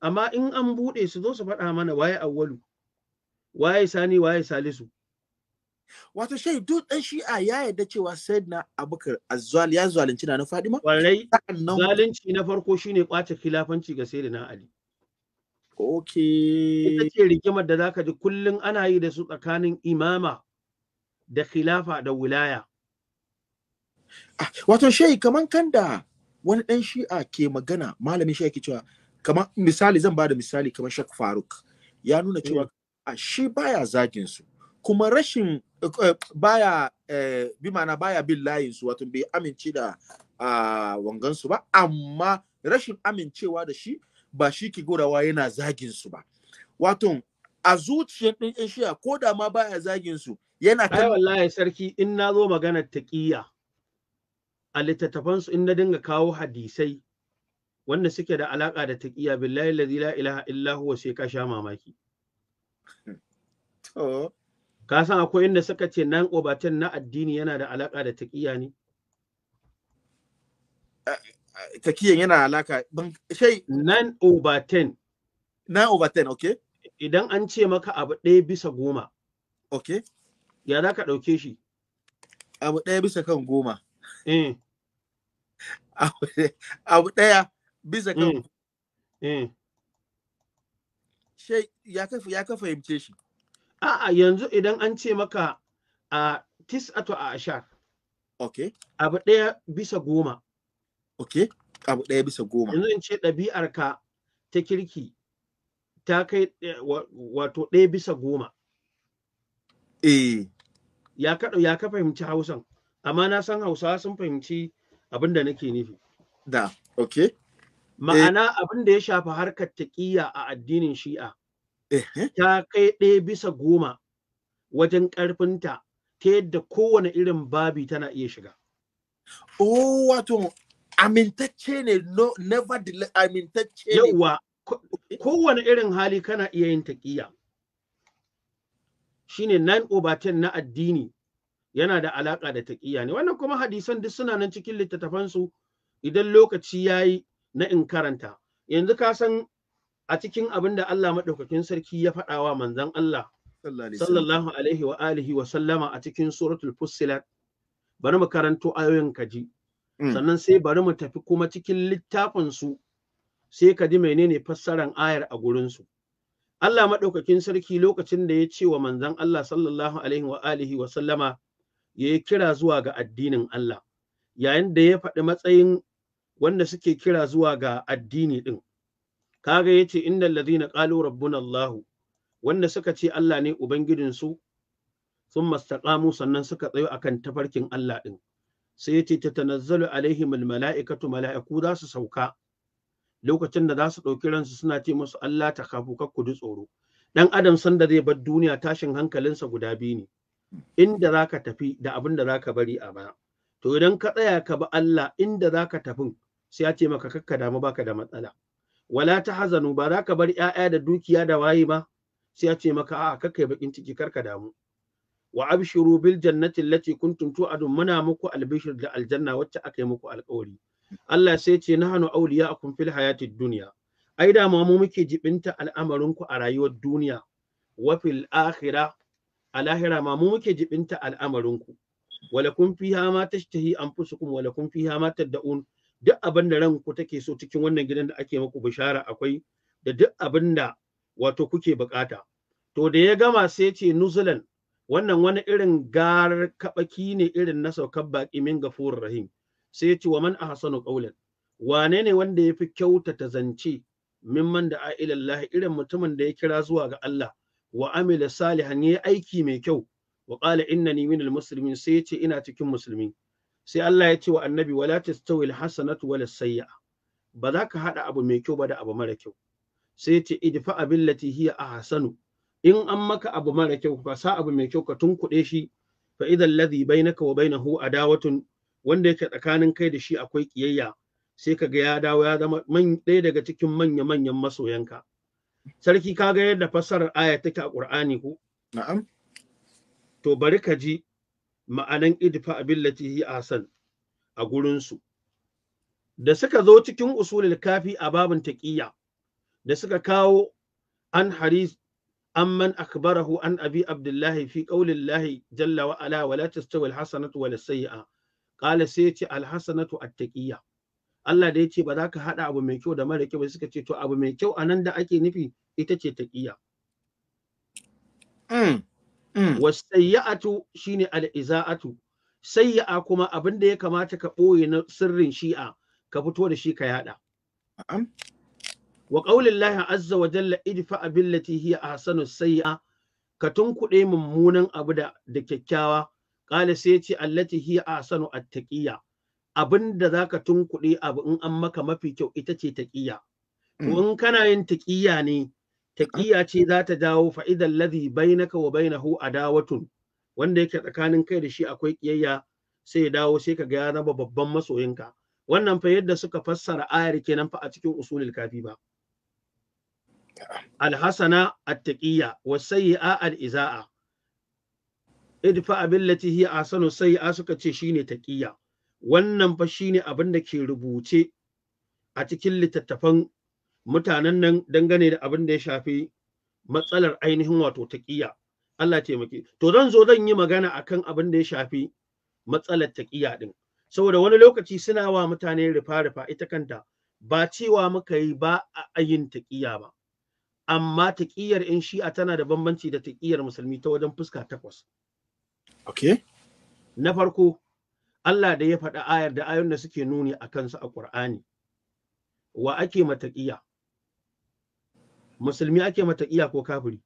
Amma in an buɗe su zo su faɗa mana waye awwalu. waye sani waye salisu wato shai duk dan shi'a ya yarda cewa sayyidina abubakar azwal ya zalunci na fadima wallahi zalunci na farko shine kwace khilafanci ga sayyidina ali okay ita ce rigimar da zaka ji kullun ana yi da su tsakanin imama da khilafa da wilaya ah, wato shai kaman kanda wani dan shi'a ke magana malami shi ke cewa kamar misali zan bada misali kamar Shak Faruk ya nuna eh. cewa a shi baya zagin su kuma rashin eh, eh, baya eh, bi mana baya bin layin su wato bai amince da wangan su ba amma rashin amincewa da shi ba shi ki gorawa yana zagin su ba wato a zuciyar ɗin ishiya ko da ma baya zagin su yana kai wallahi sarki in na zo maganar taƙiyya a littattafansu in na dinga kawo hadisai wanda suke da alaka da taƙiyya billahi la ilaha illa huwa sai ka sha mamaki To. Ka san akwai inda suka ce nan obatan na addini yana da alaƙa da taƙiya ne? Taƙiyan yana alaƙa. Shai. Nan obatan. Nan obatan, okay. Idan an ce maka abu ɗaya bisa goma. Okay. Ya za ka ɗauke shi? Abu ɗaya bisa kan goma. Eh. Abu ɗaya bisa kan Eh. eh. ya ka fahimce shi a'a yanzu idan an ce maka a tis a ashar Ok. abu ɗaya bisa goma Ok, abu ɗaya bisa goma yanzu in ce ɗabi'ar ka ta kirki ta kai eh, wato ɗaya bisa goma eh ya ka ya ka fahimci Hausan amma na san Hausawa sun fahimci abin da nake nufi da ok. Eh. Ma'ana abin da ya shafi harkar taƙiyya a addinin shi'a. Ta kai ɗaya bisa goma wajen ƙarfinta ta yadda kowane irin babi tana iya shiga. Oh, wato amintacce ne, no, never amintacce ne. Yawwa, eh. kowane irin hali kana iya yin taƙiyya. Shine 9 over 10 na addini yana da alaƙa da taƙiyya ne. Wannan kuma hadisan duk suna nan cikin littattafansu idan lokaci ya yi na in karanta yanzu ka san a cikin abin da Allah maɗaukakin sarki ya faɗa wa manzon Allah sallallahu alaihi wa alihi wa sallama a cikin suratul fussilat bari mu karanto ayoyin ka ji, mm. sannan sai bari mu tafi kuma cikin littafin su sai ka ji menene fassaran ayar a gurin su Allah maɗaukakin sarki lokacin da ya ce wa manzon Allah sallallahu alaihi wa alihi wa sallama ya yi kira zuwa ga addinin Allah yayin da ya faɗi matsayin wanda suke kira zuwa ga addini ɗin. Kaga ya ce, Inda lazina ƙalu rabbun Allahu, wanda suka ce Allah ne Ubangijinsu, sun mastaƙamu sannan suka tsayo akan tafarkin Allah ɗin. Sai ya ce, Ta tanazzalu alaihimul mala'ikatu mala'iku za su sauka, lokacin da za su ɗauki ransu suna ce musu Allah ta kafu kakku ji tsoro. Ɗan Adam sanda zai bar duniya tashin hankalinsa guda biyu ne, inda za ka tafi da abin da za ka bari a baya. To idan ka tsaya ka bi Allah inda za ka tafin, sai ya ce maka kakka damu baka da matsala wala ta hazanu ba za ka bar 'ya'ya da dukiya da waye ba sai ce maka a'a kakkai bakin ciki karka damu wa abshiru bil jannati allati kuntum tu'adun muna muku albishir da aljanna wacce aka yi muku alƙawari Allah sai ce nahnu awliya'akum fil hayatid dunya ai da mu muke jibinta al'amarin ku a rayuwar duniya wa fil akhirah a lahira ma mu muke jibinta al'amarin ku walakum fiha ma tashtahi anfusukum walakum fiha ma tad'un duk abin da ranku take so cikin wannan gidan da ake maku bishara akwai da duk abin da wato kuke bukata to da ya gama sai ya ce nuzulan wannan wani irin garar kabaki ne irin na saukar baki min gafur rahim sai ya ce wa man ahsanu qawlan wane ne wanda yafi fi kyautata zance mimman da a'ilallahi irin mutumin da ya kira zuwa ga Allah wa amila salihan yayi aiki mai kyau wa qala innani minal muslimin sai ya ce ina cikin musulmi sai Allah ya ce wa annabi wala tastawi alhasanatu wala Sayya. ba za ka hada abu mai kyau ba da abu mara kyau sai ya ce idfa abillati hiya ahsanu in an maka abu mara kyau ka sa abu mai kyau ka tunkuɗe shi fa idan ladhi bainaka wa bainahu adawatun wanda yake tsakanin kai da shi akwai kiyayya sai ka ga ya dawo ya zama ɗaya daga cikin manya manyan masoyanka sarki ka ga yadda fassarar aya take a Qur'ani ko na'am to bari ka ji ma'anan idfa abillati hi asan a gurinsu da suka zo cikin usulul kafi a babin taqiyya da suka kawo an haris amman akbarahu an abi abdullahi fi qaulillahi jalla wa ala wala tastawi alhasanatu wala sayyi'a qala sayti alhasanatu attaqiyya Allah da yace ba za ka hada abu mai kyau da mara kyau ba suka ce to abu mai kyau anan da ake nufi ita ce taqiyya mm. Mm. wasayyatu shine al'iza'atu sayya'a kuma abin da ya kamata ka ɓoye na sirrin shi'a ka fito da shi ka yada wa qaulillahi azza wa jalla idfa billati hiya ahsanu sayya'a ka tunkuɗe mummunan abu da da kyakkyawa qala sai ce allati hiya ahsanu attaqiyya abin da zaka tunkuɗe abu in an maka mafi kyau ita ce taqiyya to mm. in kana yin taqiyya ne taƙiya ce za ta jawo fa'idan ladhi bainaka wa bainahu adawatun wanda yake tsakanin kai da shi akwai ƙiyayya sai ya dawo sai ka ga ya zama babban masoyinka wannan fa yadda suka fassara ayar kenan fa a cikin usulul kafi ba alhasana attaqiyya wasayyi'a al-iza'a idfa billati hiya ahsanu sayyi'a suka ce shine taqiyya wannan fa shine abin da ke rubuce a cikin littattafan mutanen nan dangane da abin da ya shafi matsalar ainihin wato taƙiyya Allah taimake to zan zo zan yi magana akan abin da ya shafi matsalar taƙiyya din saboda wani lokaci suna wa mutane rufa-rufa ita kanta ba cewa muka yi ba a ayin taƙiyya ba amma taƙiyyar in shi'a tana da bambanci da taƙiyyar musulmi ta wajen fuska takwas okay na farko Allah da ya faɗa ayar da ayoyin da suke nuni a kansu a Ƙur'ani wa ake mataƙiya musulmi ake mata kiya ko kafiri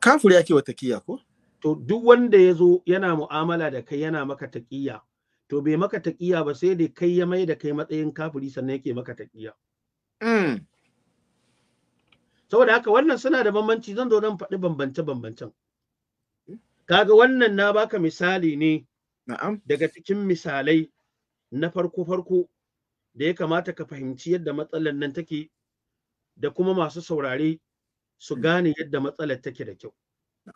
kafiri ake wata kiya ko to duk wanda ya zo yana mu'amala da kai yana maka taƙiya to bai maka taƙiya ba sai dai kai ya mai da kai matsayin kafiri sannan yake maka taƙiya. Mm. saboda haka wannan suna da bambanci zan zo nan faɗi bambance-bambancen kaga wannan na baka misali ne daga cikin misalai na farko-farko da ya kamata ka fahimci yadda matsalar nan take da kuma masu saurare su mm. gane yadda matsalar take da kyau. Mm.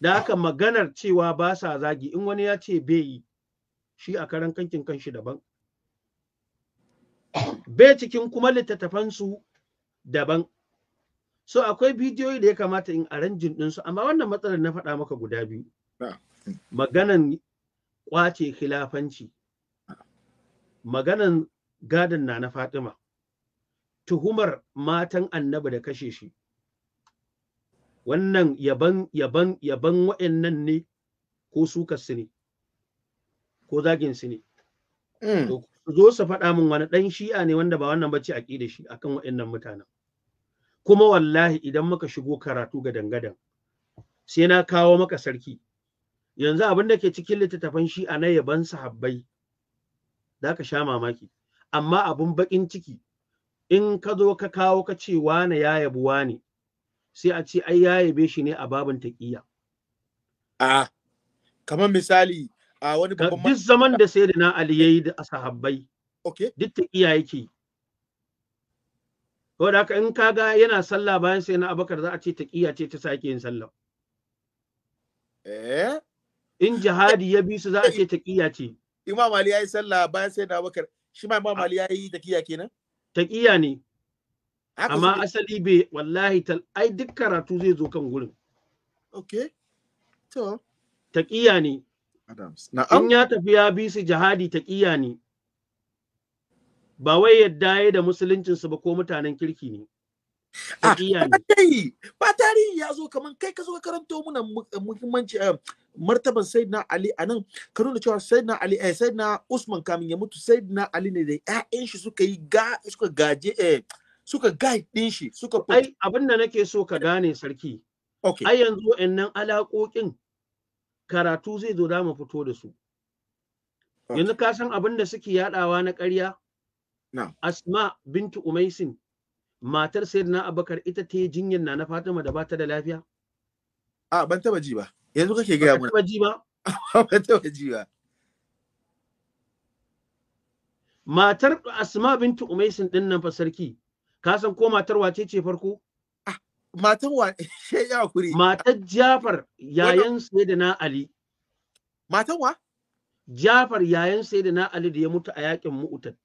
Da haka maganar cewa ba sa zagi in wani ya ce bai yi shi a karan kankin kanshi daban. Bai cikin kuma littattafansu daban. So akwai bidiyoyi da ya kamata in aranjin ɗinsu amma wannan matsalar na faɗa maka guda biyu. Ah, mm. Maganan kwace khilafanci. Ah. Maganan gadon na na Fatima. tuhumar matan annabi da kashe shi wannan yaban yaban yaban wa'annan ne ko sukar su ne ko zagin su ne mm. zo su faɗa min wani ɗan shi'a ne wanda ba wannan bace da shi akan wa'annan mutanen kuma wallahi idan muka shigo karatu ga dangadan sai na kawo maka sarki yanzu abin da ke cikin littattafan shi'a na yaban sahabbai za ka sha mamaki amma abun baƙin ciki in ka zo ka kawo ka ce wane ya yabi wane sai a ce ai ya yabe shi ne a babin taƙiyya. A kamar misali a wani babban duk zaman da sai na Ali ya yi da sahabbai. Okay. Duk taƙiyya yake. Ko da in ka ga yana sallah bayan sai na Abakar za a ce taƙiyya ce ta sake yin sallah. Eh? In jihadi ya bi su za a ce taƙiyya ce. Imam Ali ya yi sallah bayan sai na Abakar shi ma Imam Ali ya yi taƙiyya kenan? Taƙiya ne amma asali bai wallahi tal ai duk karatu zai zo kan gurin okay to taƙiya ne in ya tafi ya bi su jihadi taƙiya ne ba wai yadda ya da musuluncinsu ba ko mutanen kirki ne ah, ba tarihi ya zo kaman kai ka zo ka karanto muna muhimmanci eh, martaban Saidina ali a nan ka nuna cewa Saidina ali eh Saidina usman kamin ya mutu Saidina ali ne da ƴaƴan shi suka yi ga suka gaje eh suka guide din shi suka ai abin da nake so ka gane sarki okay ai yanzu nan alaƙoƙin karatu zai zo da mu fito da su yanzu ka san abin da suke yadawa na ƙarya asma bintu umaisin matar sayyidina abubakar ita ta yi jinyar na na fatima da ba ta da lafiya a ban taba ji ba yanzu kake gaya mana ba ji ba ba ta ji ba matar asma bintu umaisin din nan fa sarki ka san ko matar wace ce farko ah, matar wa she ya kuri matar Jafar yayin Sayyidina Ali matar wa Jafar yayin Sayyidina Ali da ya mutu a yakin Mu'tad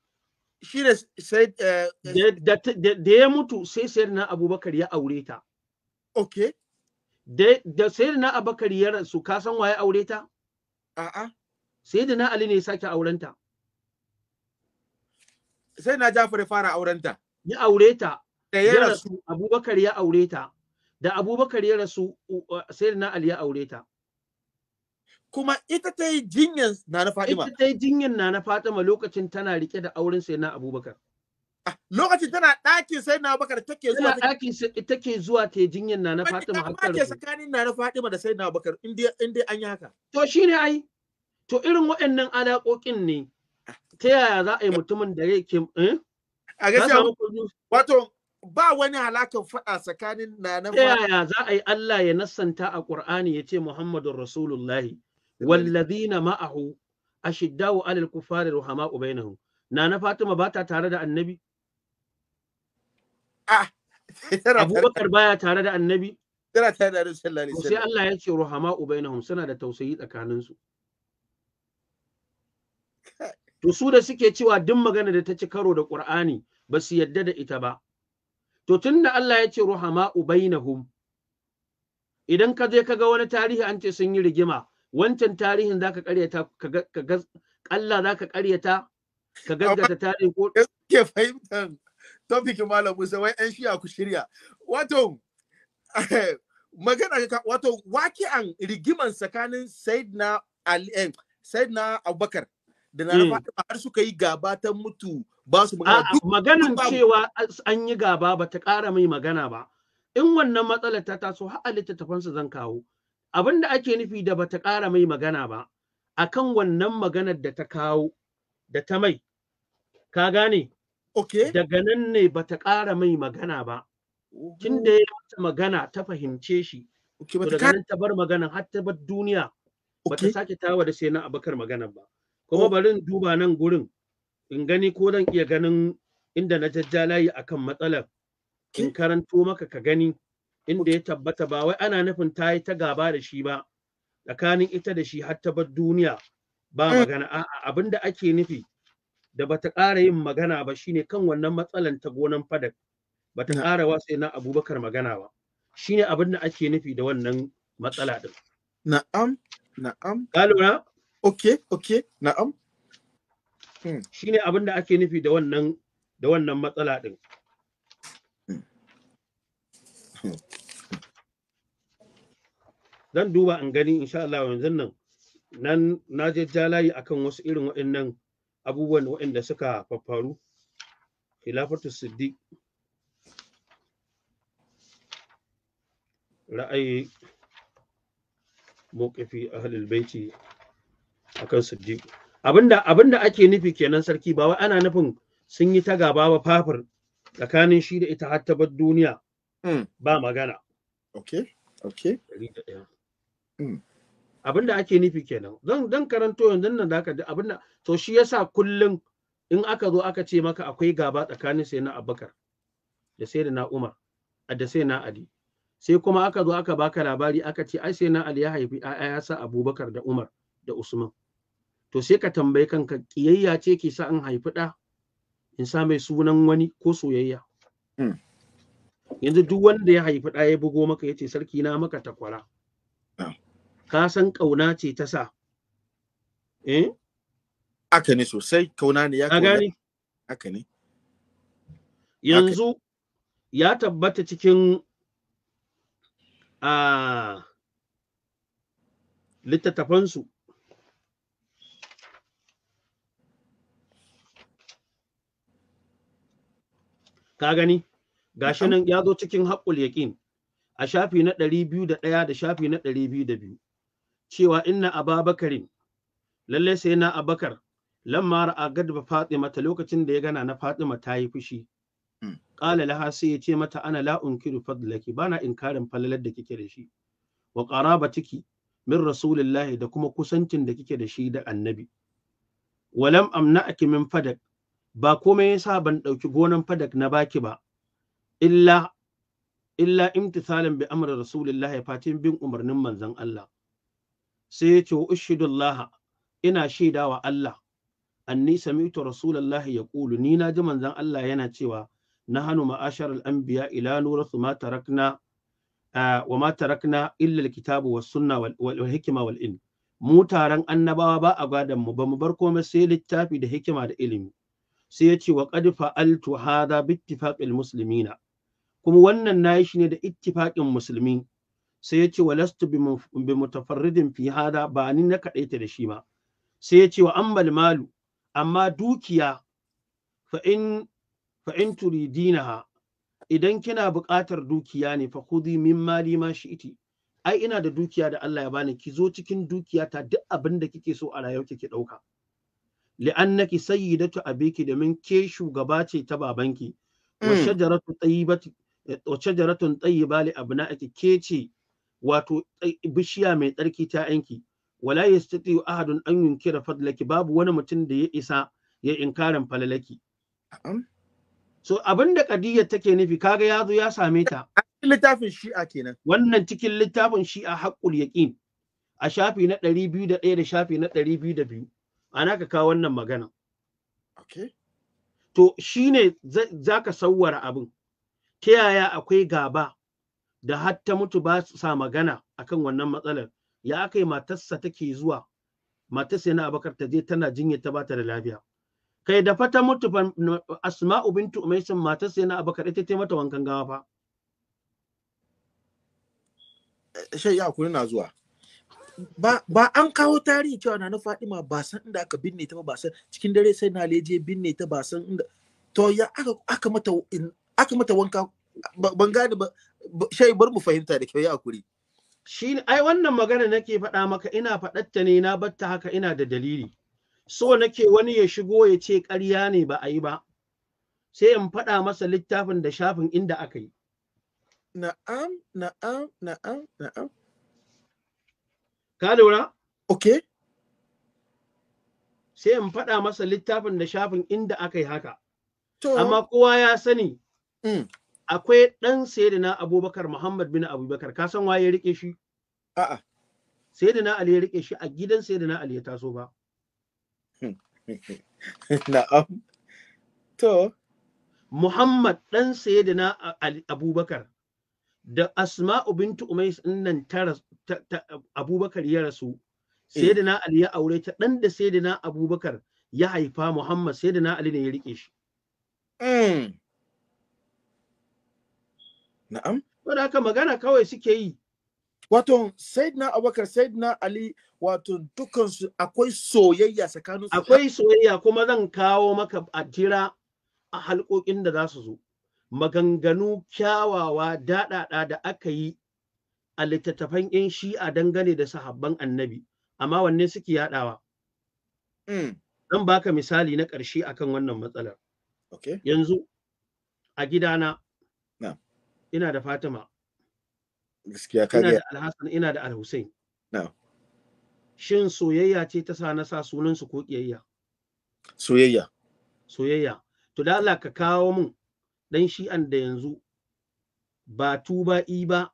shi ne sai eh, eh, da ya mutu sai Sayyidina Abubakar ya aure ta okay da sayyidina abakar ya rasu ka san waye aure ta a'a sayyidina ali ne ya sake aurenta sai na jafar fara aurenta ya aure ta ya rasu abubakar ya aure ta da abubakar ya rasu sayyidina ali ya aure ta kuma ita ta yi jinyan na na fatima ita ta yi jinyan na na fatima lokacin tana rike da auren sayyidina abubakar Ah, lokacin tana ɗakin sai na bakar take zuwa tana ɗakin take zuwa ta jinyar na na Fatima har ta tsakanin na na Fatima da sai na bakar in dai an yi haka to shine ai to irin waɗannan alaƙoƙin ne ah. ta yaya za a yi mutumin da ya ke eh? a gaskiya wato ba wani halakan faɗa tsakanin na na ta yaya za a yi Allah ya nassanta a Qur'ani ya ce Muhammadur Rasulullahi wallazina ma'ahu ashiddau alal kufari ruhama'u bainahum na na Fatima ba ta tare da annabi Ah. Bakar baya tare da annabi? Tana tare da annabi sallallahu alaihi wasallam. Sai Allah ya ce ruhama ubainahum suna da tausayi tsakaninsu. To su da suke cewa duk magana da ta ci karo da Qur'ani ba su yadda da ita ba. To tunda Allah ya ce ruhama ubainahum idan ka je ka ga wani tarihi an ce sun yi rigima wancan tarihin za ka karyata ka ga Allah za ka karyata ka gaggata tarihi ko ke fahimtar topikin malam Musa wai yan shiya ku shirya wato magana wato waki'an rigiman tsakanin Sayyidina Ali eh, Sayyidina Abubakar da na hmm. Fatima har suka yi gaba ta mutu ba su magana maganan cewa an yi gaba ba ta ƙara mai magana ba in wannan matsalar ta taso har a littattafansa zan kawo abin da ake nufi da bata ƙara mai magana ba akan wannan maganar da ta kawo da ta mai ka gane Okay. Daga nan ne ba ta ƙara mai magana ba. Tun da ya mata magana ta fahimce shi. daga nan ta bar magana har ta bar duniya. Ba ta sake tawa da sai na abakar magana ba. Kuma bari in duba nan gurin in gani ko zan iya ganin inda na jajjalayi kan matsalar. In karanto maka ka gani inda ya tabbata ba wai ana nufin ta yi ta gaba da shi ba. Tsakanin ita da shi har ta bar duniya ba eh. magana a'a abin da ake nufi. da bata ƙara yin magana ba shine kan wannan matsalan ta gonan fadak bata ƙara wa na abubakar magana ba shine abin da ake nufi da wannan matsala din na'am na'am ka lura okay okay na'am hmm. shine abin da ake nufi da wannan da wannan matsala din zan duba in gani insha Allah yanzu nan nan na je jalayi akan wasu irin waɗannan abubuwan waɗanda suka faffaru khilafatu siddiq ra'ayi mawqifi ahlul baiti akan siddiq abinda abinda ake nufi kenan sarki ba wai ana nufin sun yi ta gaba ba fafir tsakanin shi da ita har ta bar duniya hmm. ba magana okay okay abin da ake nufi kenan zan zan karanto yanzu nan da aka abin da to shi yasa kullum in aka zo aka ce maka akwai gaba tsakanin sai na abubakar da sai da na umar da sai na ali sai kuma aka zo aka baka labari aka ce ai sai na ali ya haifi ai ya sa abubakar da umar da usman to sai ka tambayi kanka kiyayya ce ke sa in haifi da in sa mai sunan wani ko soyayya hmm. yanzu duk wanda ya haifi da ya bugo maka yace sarki na maka takwara hmm. ka san ƙauna ce ta sa eh Aka ne sosai kauna ne ya gani. Aka ne yanzu ya tabbata cikin a littattafansu ka gani gashi nan ya zo cikin haƙul yaƙin a shafi na ɗari biyu da ɗaya da shafi na ɗari biyu da biyu cewa inna ababakarin lallai sai na abakar lamma ra'a gadba fatima ta lokacin da ya gana na fatima ta yi fushi kala hmm. laha sai ya ce mata ana la unkiru fadlaki bana inkarin falalar da kike da shi wa qarabatiki min rasulillahi da kuma kusancin da kike da shi da annabi walam amna'aki min fadak ba komai yasa ban dauki gonan fadak na baki ba illa illa imtisalan bi amri rasulillahi fatin bin umarnin manzon Allah sai ya ce ushidullah ina shaida wa Allah anni sami'tu rasulullahi yaqulu ni na ji manzon Allah yana cewa nahanu ma'ashar al-anbiya ila nurasu ma tarakna wa ma tarakna illa al-kitabu was-sunna wal-hikma wal-ilm mu taron annabawa ba a gadan mu ba mu bar komai sai littafi da hikima da ilimi sai ya ce wa qad fa'altu hadha bi ittifaqil muslimina kuma wannan nayi shi ne da ittifaqin musulmi sai ya ce walastu bi mutafarridin fi hada ba ni na kaɗaita da shi ba sai ya ce wa ambal malu amma dukiya fa in fa in turidinaha idan kina buƙatar dukiya ne fa khudhi min mali ma shi'ti ai ina da dukiya da Allah ya bani ki zo cikin dukiya ta duk abin da kike so a rayuwar ki ɗauka li'annaki sayyidatu abiki domin ke shugaba ce ta babanki wa mm. shajaratu tayyibati wa shajaratun tayyiba li abna'iki ke ce wato eh, bishiya mai tsarki ta yanki wala yastati ahadun an yunkira fadlaki babu wani mutum da ya isa ya inkarin falalaki so abinda kadiyar take nufi kaga yazo ya same ta littafin shi'a kenan wannan cikin littafin shi'a haqqul yaqin a shafi na 201 da shafi na 202 ana ka kawo wannan magana okay to shine zaka sawwara abin ta yaya akwai gaba da har ta mutu ba sa magana akan wannan matsalar ya aka yi matarsa take zuwa matarsa yana abakar ta je tana jinya ta bata da lafiya kai da fata ta mutu asma'u bintu umaysin matarsa yana abakar ita ta mata wankan gawa fa shai ya kuri na zuwa ba ba an kawo tarihi cewa na Fadima ba san inda aka binne ta ba ba san cikin dare sai na leje binne ta ba san inda to ya aka aka mata aka mata wanka ban gane ba shai bar mu fahimta da kyau ya kuri. shi ai wannan magana nake faɗa maka ina faɗatta ne na batta haka ina da dalili so nake wani ya shigo ya ce ƙarya ne ba a yi ba sai in faɗa masa littafin da shafin inda aka yi na'am na'am na'am na'am ka lura okay sai in faɗa masa littafin da shafin inda aka yi haka amma kowa ya sani mm. akwai ɗan sayyidina abubakar muhammad bin abubakar ka san waye ya rike shi a'a sayyidina ali ya rike shi a gidan sayyidina ali ya taso ba na'am to muhammad ɗan sayyidina abubakar da asma'u bintu umais nan tara abubakar ya rasu eh. sayyidina ali ya aure ta ɗan da sayyidina abubakar ya haifa muhammad sayyidina ali ne ya rike shi mm. Na'am. Wanda haka magana kawai suke yi. Wato Saidina Abubakar Saidina Ali wato dukansu akwai soyayya tsakanin su. Akwai soyayya kuma zan kawo maka a a halƙoƙin da za su zo. Maganganu kyawawa daɗaɗa da aka yi a littattafan 'yan shi'a dangane da sahabban annabi, amma wanne suke yaɗawa? Hmm. Zan baka misali na ƙarshe akan wannan matsalar. Okay. Yanzu a gidana ina da Fatima gaskiya ka ina da Alhassan ina da Alhussein shin soyayya ce ta sa na sa sunan su ko kiyayya soyayya soyayya to da Allah ka kawo mun dan shi'an da yanzu ba tuba i ba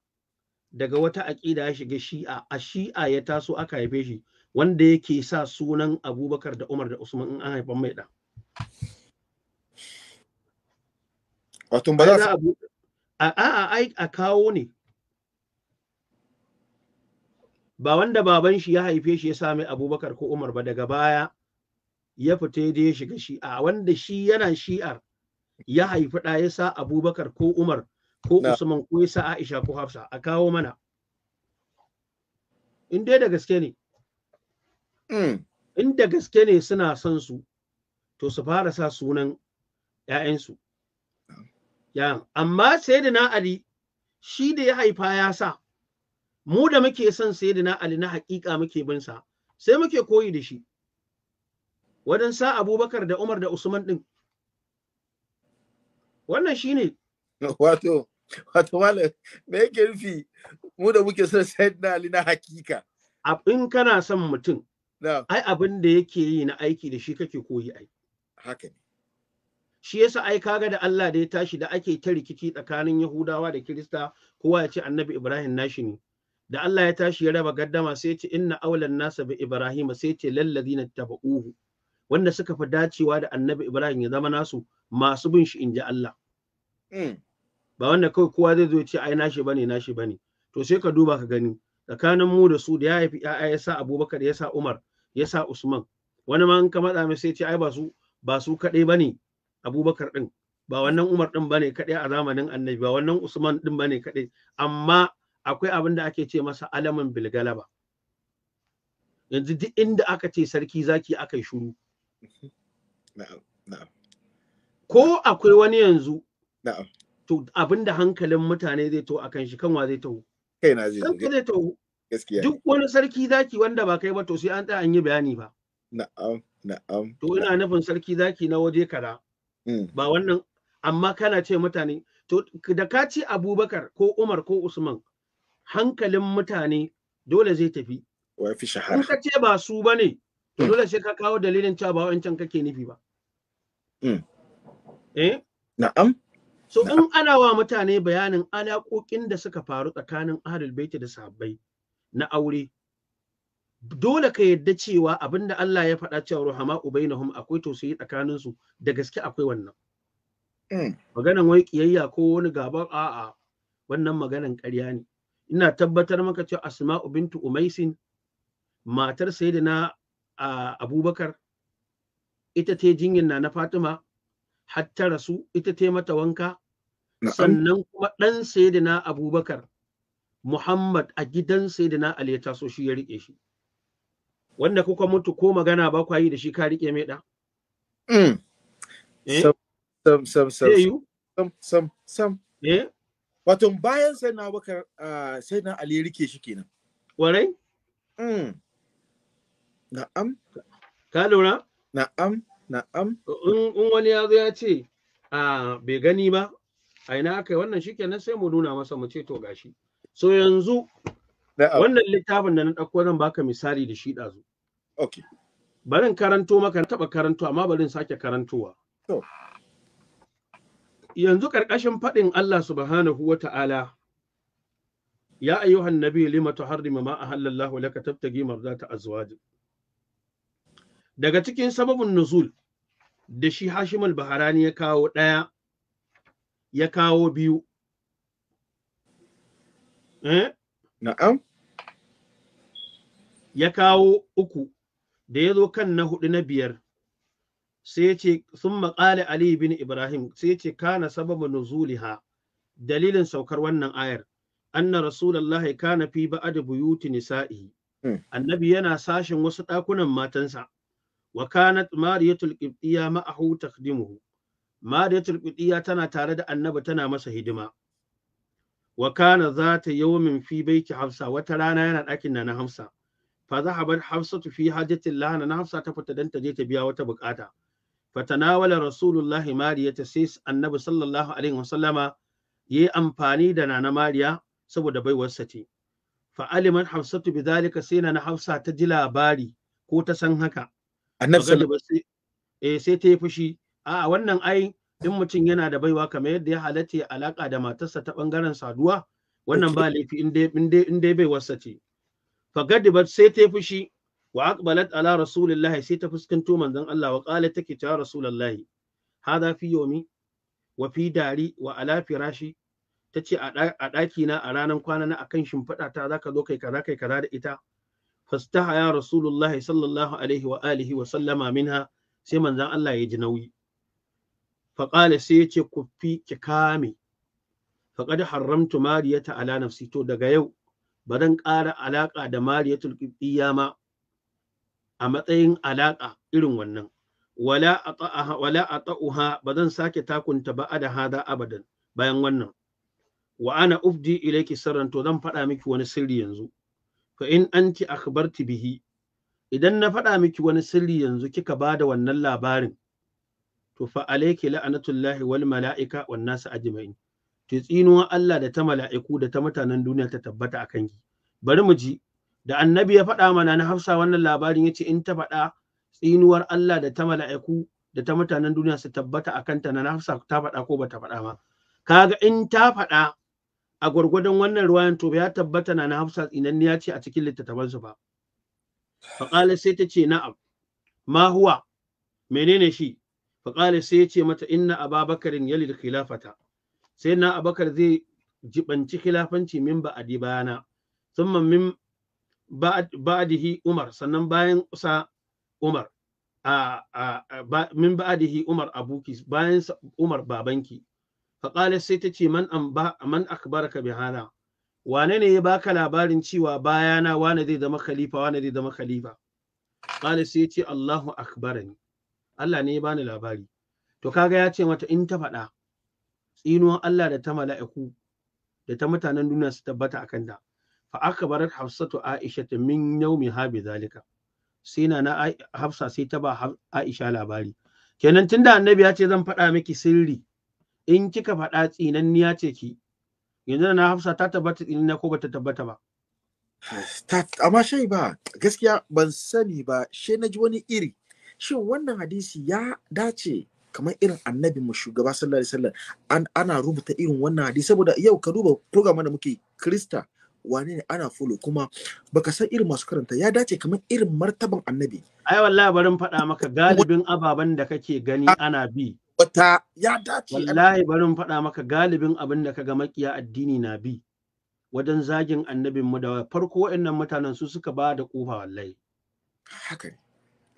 daga wata aƙida ya shiga shi'a a shi'a ya taso aka haife shi wanda yake sa sunan abubakar da umar da usman in an haifan mai ɗan. Wato ba za su a a a kawo ne ba wanda baban shi ya haife shi ya sami abubakar ko umar ba daga baya ya fita da ya shiga shi. A wanda shi yana shi'ar ya haifi ɗa ya sa abubakar ko umar ko usman ko ya sa aisha ko hafsa a kawo mana in dai da gaske ne hmm. in da gaske ne suna son su to su fara sa sunan ‘ya'yansu ya amma sayyidina ali shi da ya haifa ya sa mu da muke son sayyidina ali na haƙiƙa muke bin sa sai muke koyi da shi wadan sa abubakar da umar da usman din wannan shine wato wato malam me yake rufi mu da muke son sayyidina ali na haƙiƙa abin kana son mutum ai abin da yake yi na aiki da shi kake koyi ai haka ne shi yasa ai kaga da Allah da ya tashi da ake ta rikici tsakanin Yahudawa da Kirista kowa ya ce Annabi Ibrahim nashi ne da Allah ya tashi ya raba gaddama sai ya ce inna awlan nasa bi Ibrahim sai ya ce lallazina tabauhu wanda suka fi dacewa da Annabi Ibrahim ya zama nasu masu bin shi inji Allah hmm. ba wanda kawai kowa zai zo ya ce ai nashi bane nashi bane to sai ka duba ka gani tsakanin mu da su da ya haifi ya'ya ya sa Abubakar ya sa Umar ya sa Usman wani ma in ka matsa mai sai ya ce ai ba su ba su kaɗai bane abubakar ɗin ba wannan umar ɗin bane kaɗai a zamanin annabi ba wannan usman ɗin bane kaɗai amma akwai abin da ake ce masa alamin bilgalaba yanzu duk inda aka ce sarki zaki aka yi shuru ko akwai wani yanzu to abin da hankalin mutane zai to akan shi kanwa zai taho kaina zai taho duk wani sarki zaki wanda ba kai ba to sai an tsaya an yi bayani ba na'am na'am to ina nufin sarki zaki na waje kaza Mm. ba wannan amma kana ce mutane to da ka ci abubakar ko umar ko usman hankalin mutane dole zai tafi wa fi shahara ka ce ba su ba ne to mm. dole sai ka kawo dalilin cewa ba wancan kake nufi ba mm. eh na'am so in ana wa mutane bayanin alaƙoƙin da suka faru tsakanin ahlul baiti da sahabbai na aure dole ka yadda cewa abinda Allah ya faɗa cewa ruhama ubainahum akwai tausayi tsakanin su da gaske akwai wannan hmm. maganan wai kiyayya ko wani gaban a'a wannan maganan ƙarya ne ina tabbatar maka cewa asma'u bintu umaisin matar sayyidina abubakar ita ta jinyin na na fatima hatta rasu ita ta mata wanka sannan kuma ɗan sayyidina abubakar muhammad a gidan sayyidina ali ya taso shi ya riƙe shi wanda kuka mutu ko magana ba kwa yi da shi ka rike mai da mm. eh? sam sam sam sam sam sam sam eh? wato bayan sai na bakar uh, ah, sai na ali rike shi kenan warai mm. na'am ka lura na'am na'am in wani ya zo ya ce a ah, bai gani ba a ina aka yi wannan shikenan sai mu nuna masa mu ce to gashi so yanzu wannan littafin da na ɗauko zan baka misali da shi ɗazu Okay. Barin karanto maka taɓa karanto amma barin sake karantowa. To. Yanzu ƙarƙashin faɗin Allah subhanahu wa ta'ala ya ayyuhan nabi lima tuharrima ma ahallallahu laka tabtagi marzata azwaji. Daga cikin sababin nuzul da shi Hashim al-Baharani ya kawo ɗaya ya kawo biyu. Eh? Na'am. Ya kawo uku. da ya zo kan na hudu na biyar sai ce sun maƙale Ali bin Ibrahim sai ce kana sababu nuzuliha dalilin saukar wannan ayar anna rasulullahi kana fi da buyuti nisa'i hmm. annabi yana sashin wasu ɗakunan matansa wa kanat mariyatul qibtiyya ma'ahu taqdimuhu mariyatul qibtiyya tana tare da annabi tana masa hidima wa kana zata yawmin fi baiti hafsa wata rana yana ɗakin na na hafsa fa zahabat hafsatu fi hajatin laha na hafsa ta fita dan ta je ta biya wata bukata fatanawala rasulullahi mariya ta sai annabi sallallahu alaihi wasallama yi amfani da nana mariya saboda baiwarsa ce fa aliman hafsatu bidhalika sai nana hafsa ta ji labari ko ta san haka annabi sallallahu eh sai ta yi fushi A'a, wannan ai mutum yana da baiwa kamar yadda ya halatta alaka da matarsa ta bangaren saduwa wannan ba laifi in dai in dai baiwarsa ce fagadibat sai ta fushi wa aqbalat ala rasulillahi sai ta fuskanto manzon Allah wa qala take ta rasulullahi hada fi yomi wa fi dari wa ala firashi tace a daki na a ranan kwana na akan shimfiɗa ta zaka zo kai kaza kai kaza da ita fastaha ya rasulullahi sallallahu alaihi wa alihi wa sallama minha sai manzon Allah ya ji nauyi faƙala sai yace ku fi ki kame faƙad haramtu mariyata ala nafsi to daga yau zan ƙara alaƙa da mariyatul qibtiyya ma a matsayin alaƙa irin wannan wala ata'aha ba zan bazan sake takunta ba da hada abadan bayan wannan wa ana ufdi Ilaiki sirran to zan faɗa miki wani sirri yanzu fa in anti akhbarti bihi idan na faɗa miki wani sirri yanzu kika ba da wannan labarin to fa alayki la'anatullahi wal mala'ika wan nasu ajma'in ta tsinuwa Allah da ta mala'iku da ta mutanen duniya ta tabbata akan gi bari mu ji da annabi ya faɗa mana na hafsa wannan labarin ya ce in ta faɗa tsinuwar Allah da ta mala'iku da ta mutanen duniya su tabbata a kanta na hafsa ta faɗa ko ba ta faɗa ba kaga in ta faɗa a gwargwadon wannan ruwayan to ya tabbata na hafsa ya ce a cikin littattafan su ba Faƙala sai ta ce na'am ma huwa menene shi Faƙala sai ya ce mata inna ababakarin yalid khilafata sai na abakar zai jibanci khilafanci min ba'adi bayana thumma min ba'dihi umar sannan bayan sa umar a min ba'dihi umar abuki bayan umar babanki faqalat sai ta ce man an ba man akbaraka bi hada wane ne ya baka labarin cewa bayana wane zai zama khalifa wane zai zama khalifa qala sai ya ce Allahu akbarani Allah ne ya bani labari to kaga ya ce mata in ta faɗa inuwan Allah da ta mala'iku da ta mutanen duniya su tabbata akan da fa aka bar hafsatu aisha ta min yawmi ha bi zalika sai na na hafsa sai ta ba aisha labari kenan tunda annabi ya ce zan faɗa miki sirri in kika faɗa tsinanniya ce ki yanzu na hafsa ta tabbata na ko bata tabbata ba amma shai ba gaskiya ban sani ba shi na ji wani iri shin wannan hadisi ya dace kamar irin annabi mu shugaba sallallahu alaihi wasallam an ana rubuta irin wannan hadisi saboda yau ka duba program da muke krista wane ne ana folo kuma baka san irin masu karanta ya dace kamar irin martaban annabi ai wallahi barin faɗa maka galibin ababen da kake gani ah. ana bi wata ya dace wallahi barin faɗa maka galibin abin da kaga makiya addini na bi wajen zagin annabin mu da farko waɗannan mutanen su suka ba da kofa wallahi haka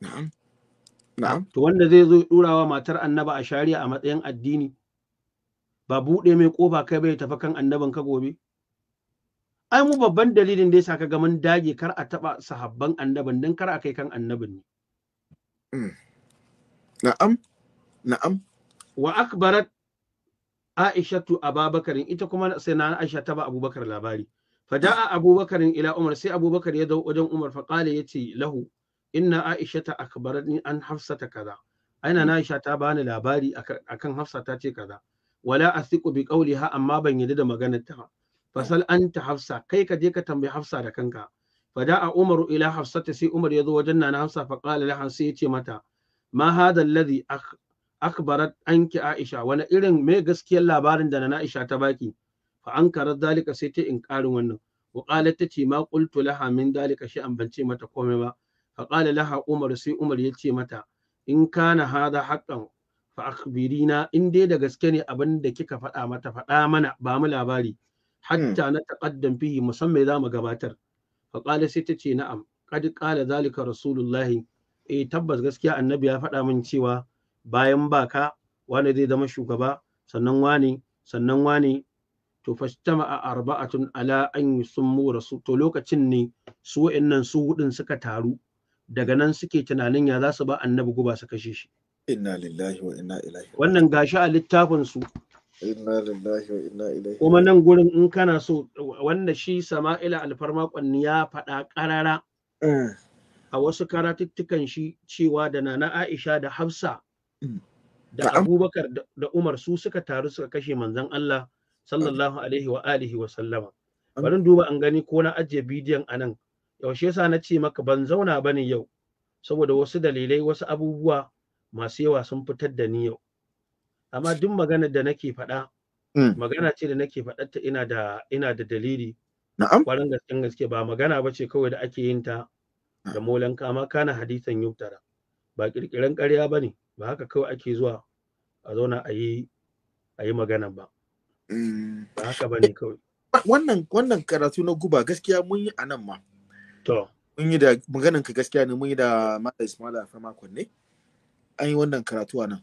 na'am to wanda zai zo ɗurawa matar annaba a shari'a a matsayin addini ba buɗe mai ƙofa kai bai tafi kan annaban ka gobe ai mu babban dalilin da ya saka gaman dage kar a taɓa sahabban annaban don kar a kai kan annabin ne mm. na'am na'am wa akbarat aishatu ababakarin ita kuma sai na aisha ta ba abubakar labari fada'a abubakarin ila umar sai abubakar ya zo wajen umar fa qala yace lahu inna aisha ta akbarani an hafsa ta kaza aina na mm. aisha ta bani labari akan hafsa ta ce kaza wala asiqu bi qawliha amma ban yadda da maganar ta fasal anta hafsa kai ka je ka tambayi hafsa da kanka a umaru ila hafsa ta sai umar ya zo wajen nana hafsa fa qala laha sai ya ce mata ma hadha alladhi akbarat anki aisha wani irin me gaskiyar labarin da na aisha ta baki fa ankarat dalika sai ta inkarin wannan wa qalat ta ce ma qultu laha min dalika shi an bance mata komai ba فقال لها عمر سي عمر يتي متى إن كان هذا حقا فأخبرينا إن دي دا غسكني أبن دا كيكا فتا متى فتا منا بام لاباري حتى نتقدم فيه مسمى ذا مقباتر فقال سيتتي نعم قد قال ذلك رسول الله eh tabbas gaskiya annabi ya faɗa min cewa bayan baka wani zai zama shugaba sannan wani sannan wani to fastama a arba'atun ala an yusummu rasul to lokacin ne su wa'annan su hudun suka taru daga nan suke tunanin ya za su ba annabi guba su kashe shi inna lillahi wa inna ilaihi wannan gashi a littafin su inna lillahi wa inna ilaihi kuma nan gurin in kana so wanda shi sama'ila alfarma ya faɗa ƙarara eh. a wasu karatuttukan shi cewa da nana aisha da hafsa mm. da abubakar da umar su suka taru suka kashe manzon allah sallallahu alaihi wa alihi wa sallama bari duba an gani ko na ajiye bidiyon a nan. yaushe yasa na ce maka ban zauna ba ne yau saboda wasu dalilai wasu abubuwa masu yawa sun fitar da ni yau amma duk magana da nake faɗa mm. magana ce da nake faɗarta ina da ina da dalili na'am kwarin gaske gaske ba magana ba ce kawai da ake yin ta mm. da molan kama kana hadisan yautara ba kirkiran ƙarya ba ne ba haka kawai ake zuwa a zauna a yi a yi magana ba mm. ba haka ba ne kawai wannan wannan karatu na guba gaskiya mun yi anan ma to mun yi da maganin ka gaskiya ne mun yi da mata Ismail a farmakon ne an yi wannan karatu a nan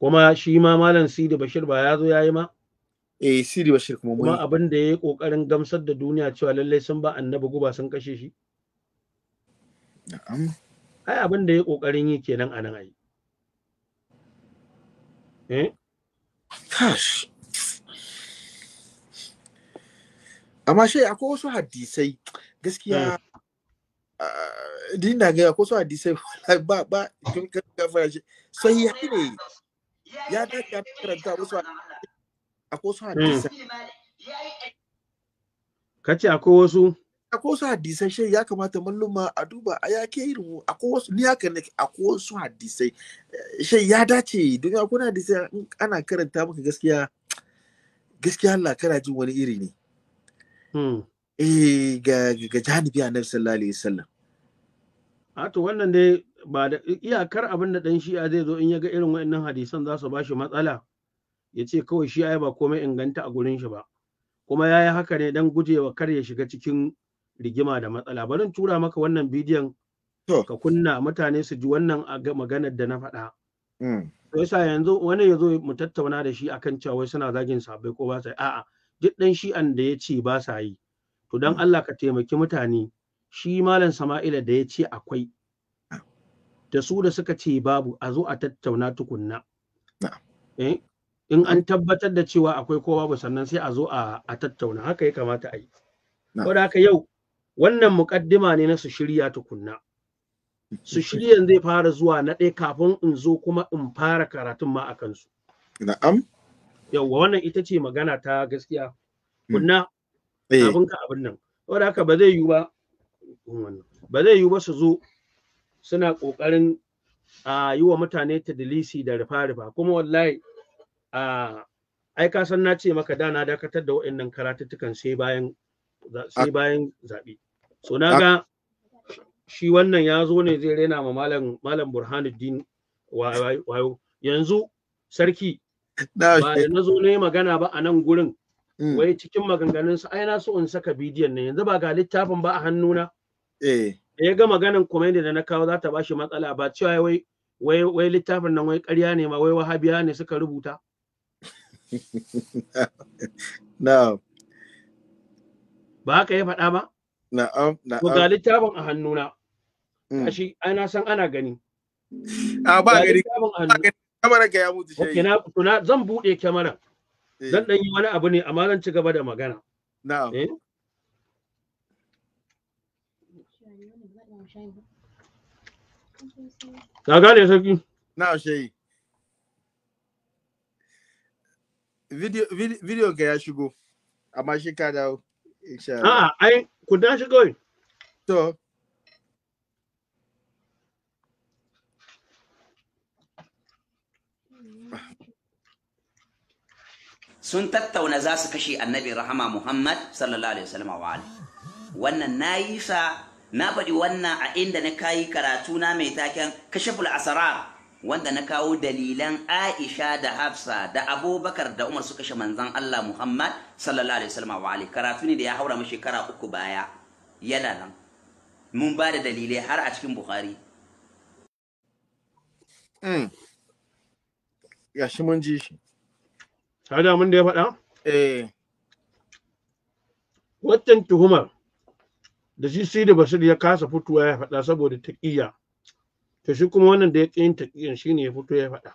kuma shi ma Malam Sidi Bashir ba ya zo ya yi ma eh Sidi Bashir kuma mun kuma abin da yi kokarin gamsar da duniya cewa lallai sun ba annabi guba sun kashe shi na'am ai abin da yi kokarin yi kenan a nan ai eh amma shi akwai wasu hadisai gaskiya din eh. ah, na gaya ko su hadisai ba ba tun ka gafara shi sai ya ne ya dace ka karanta ko so akwai su hadisai hmm. kace akwai wasu akwai wasu hadisai shi ya kamata malluma a duba a ya ke irin akwai wasu ni haka ne akwai wasu hadisai eh, shi ya dace don akwai hadisai ana karanta maka gaskiya gaskiya Allah kana jin wani iri ne hmm. E, ga ga janibi annabi sallallahu alaihi sallam. a to wannan dai ba da iyakar abin da ɗan shi'a zai zo in ya ga irin wa'annan hadisan za su ba shi matsala ya ce kawai shi ai ba komai inganta a gurin shi ba kuma ya yi haka ne dan gujewa kar ya shiga cikin rigima da matsala bari in tura maka wannan bidiyon ka kunna mutane su ji wannan maganar da na faɗa hmm. to yasa yanzu wani ya zo mu tattauna da shi akan cewa wai suna zagin sabai ko ba sa yi. a'a duk ɗan shi'an da ya ce ba sa yi to don Allah ka taimaki mutane shi malam sama'ila da ya ce akwai da su da suka ce babu a zo a tattauna tukunna eh, in an tabbatar da cewa akwai ko babu sannan sai a zo a tattauna haka ya kamata a yi da haka yau wannan muƙaddima ne na su shirya tukunna su shiryan zai fara zuwa na ɗaya kafin in zo kuma in fara karatun ma a kansu na'am yauwa wannan ita ce magana ta gaskiya hmm. kunna Eh. Abin ka abin nan saboda haka ba zai yiwu ba ba zai ba su zo suna ƙoƙarin a yi wa mutane tadilisi da rufa-rufa kuma wallahi a ai ka san na ce maka da na dakatar da waɗannan karatuttukan sai bayan sai bayan zaɓe so na ga shi wannan ya zo ne zai rena ma malam malam burhanuddin wayo yanzu sarki ba da na zo ne magana ba a nan gurin Mm. wai cikin maganganun sa ai na so in saka bidiyon ne." yanzu ba ga littafin ba a hannuna eh ya ga maganan komedi da na kawo za ta bashi matsala ba cewa wai wai wai littafin nan wai ƙarya ne ma wai wahabiya ne suka rubuta no ba haka ya faɗa ba na'am na'am ga littafin a hannuna kashi mm. na san ana gani ah, a ba gani kamar ka ya mutu shi na zan bude kamaran Eh. zan dan yi wani abu ne amma zan ci gaba da magana na'am eh? ka gane sarki Na ashe video video ga ya shigo amma shi ka dawo insha Allah a'a ai ku dashi kawai to sun tattauna za su kashe annabi rahama muhammad sallallahu alaihi wasallam wa ali wannan na yi sa na faɗi wannan a inda na kayi karatu na mai taken kashe asrar wanda na kawo dalilan Aisha da Hafsa da Abubakar da Umar su kashe manzon Allah Muhammad sallallahu alaihi wasallam wa ali karatu ne da ya haura mu shekara uku baya yana nan mun ba da dalilai har a cikin Bukhari ya hmm. shi mun ji shi Ta mun da ya faɗa? Eh. Wannan tuhumar da shi sai da Basir ya kasa fitowa ya faɗa saboda taƙiyya. To shi kuma wannan da ya ƙi yin taƙiyyan shi ne ya fito ya faɗa.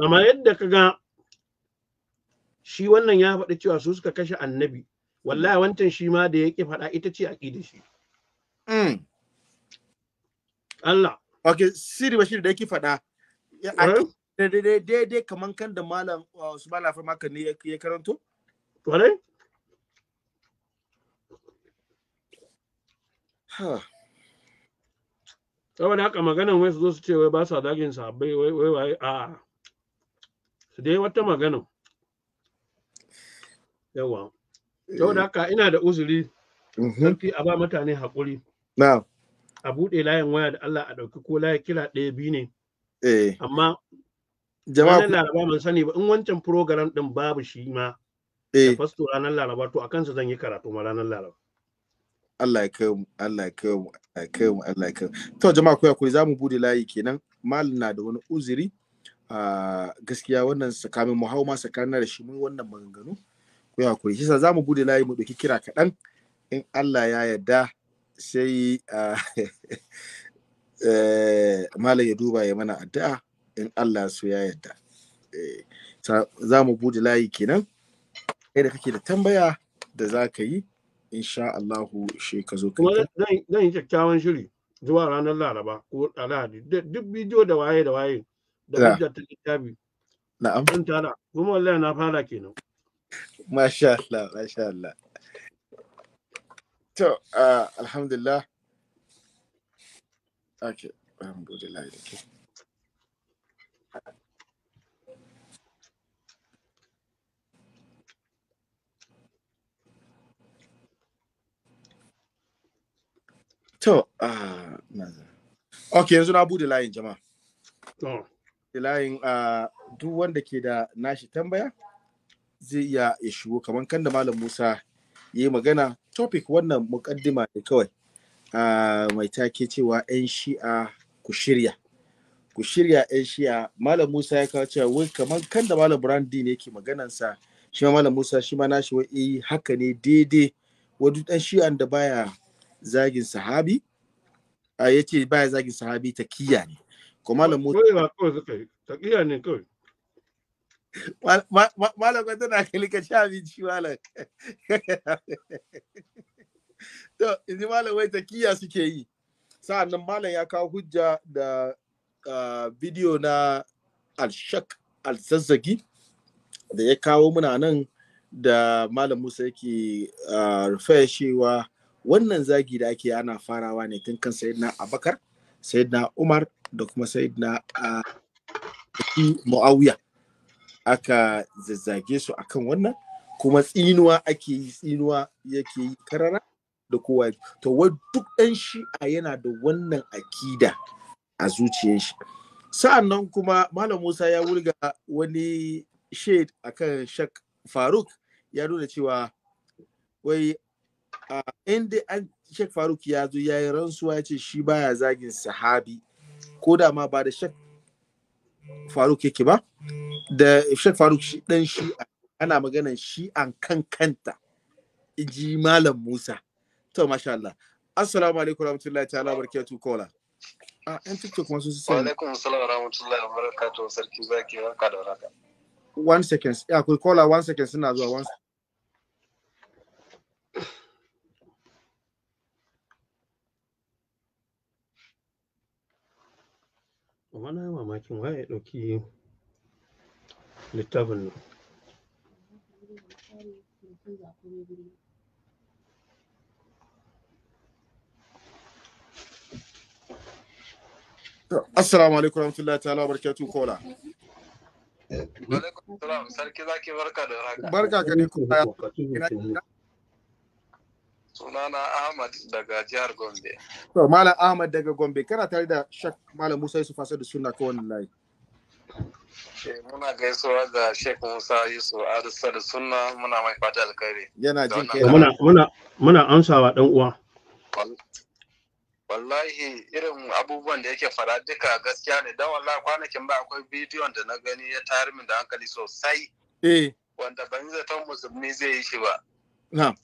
Amma yadda ka ga shi wannan ya faɗi cewa su suka kashe annabi. Wallahi wancan shi ma da ya ƙi faɗa ita ce aƙidar shi. Mm. Allah. Ok, Sidi Bashir da yake faɗa. daidai kamar kan da malam ba uh, lafa maka ne ya karanto? Kwarai? saboda haka maganan wai su zo su ce wai ba sa dagin sabai wai wai wai a su dai wata maganan yawa saboda haka ina da uzuri mm-hmm. sarki a ba mutane haƙuri a buɗe layin waya da Allah a ɗauki ko layi kira ɗaya biyu ne eh. amma ranar laraba ban sani ba in wancan program din babu shi ma da eh. fasto ranar laraba to a kansa zan yi karatu ma ranar laraba Allah ya kai mu Allah ya kai mu Allah ya kai mu Allah ya kai mu to jama'a koya koyi zamu bude layi kenan mal na da wani uzuri a gaskiya wannan sakamin mu hau ma sakamin da shi mun wannan maganganu koya koyi shi sa mu bude layi mu dauki kira kaɗan in Allah ya yarda sai eh, malam ya duba ya mana addu'a in Allah su ya yarda eh, za mu buɗe layi kenan kai da kake da tambaya da za ka yi insha Allahu shi ka zo kuma zan yi kyakkyawan shiri zuwa ranar Laraba ko Alhadi duk bidiyo da waye da waye da hujjar ta littafi na'am zan tara kuma wallahi na fara kenan masha Allah masha Allah to ah, alhamdulillah okay alhamdulillah To, ah, Ok, yanzu na bude layin jama'a. To. Layin a ah, duk wanda ke da nashi tambaya zai iya ya shigo kaman kan da Malam Musa ya yi magana topic wannan mukaddima ne kawai ah, mai take cewa 'yan shi'a ku shirya. Ku shirya 'yan shi'a Malam Musa ya kawo cewa wai kamar kan da Malam Brandi ne ke maganansa shi ma Malam Musa shi ma nashi wai eh, haka ne daidai wadu ɗan shi'an da baya zagin sahabi a ya ce baya zagin sahabi ta kiya ne kuma malam mutu kawai kawai suka yi ta kiya ne kawai malam ko tana kalika ka sha abinci malam to yanzu malam wai ta kiya suke yi Sa'annan nan malam ya kawo hujja da bidiyo na alshak alzazzagi da ya kawo muna nan da malam musa yake rufe shewa wannan zagi da ake ana farawa ne tun kan sayyidina abakar sayyidina umar da kuma sayyidina ah, muawiya aka zazzage su akan wannan kuma tsinuwa ake yi tsinuwa yake yi karara da kowa to wa duk ɗan shi'a yana da wannan akida a zuciyar shi sa'annan kuma malam musa ya wulga wani shade akan shak faruk ya nuna cewa wai Uh, in dai an shek Faruk ya zo ya yi rantsuwa ya ce shi baya zagin sahabi ko da ma ba da shek Faruk yake ba da shek Faruk shi dan shi ana maganan shi an kan kanta ji malam Musa to masha Allah assalamu alaikum warahmatullahi ta'ala barakatuh kola a ah, yan tiktok masu su sai alaikum assalam warahmatullahi wabarakatuh sarki zaki da warhaka one second akwai kola one second suna zuwa one second amma na mamakin waye ya ɗauki littafin nan Assalamu alaikum warahmatullahi ta'ala wa barakatu kola. Sarki Barka ka ne kuma sunana Ahmad daga jihar Gombe. To Malam Ahmad daga Gombe kana tare da Sheikh Malam Musa Yusuf Asadu Sunna ko wannan layi. Eh, muna gaisuwa da Sheikh Musa Yusuf Asadu da Sunna muna mai fata alkhairi. Yana jin kai. Muna muna muna amsawa dan uwa. Wallahi irin abubuwan da yake fara duka gaskiya ne dan wallahi kwanakin ba akwai bidiyon da na gani ya tayar min da hankali sosai. Eh. Wanda ban zaton musulmi zai yi shi ba. Na'am.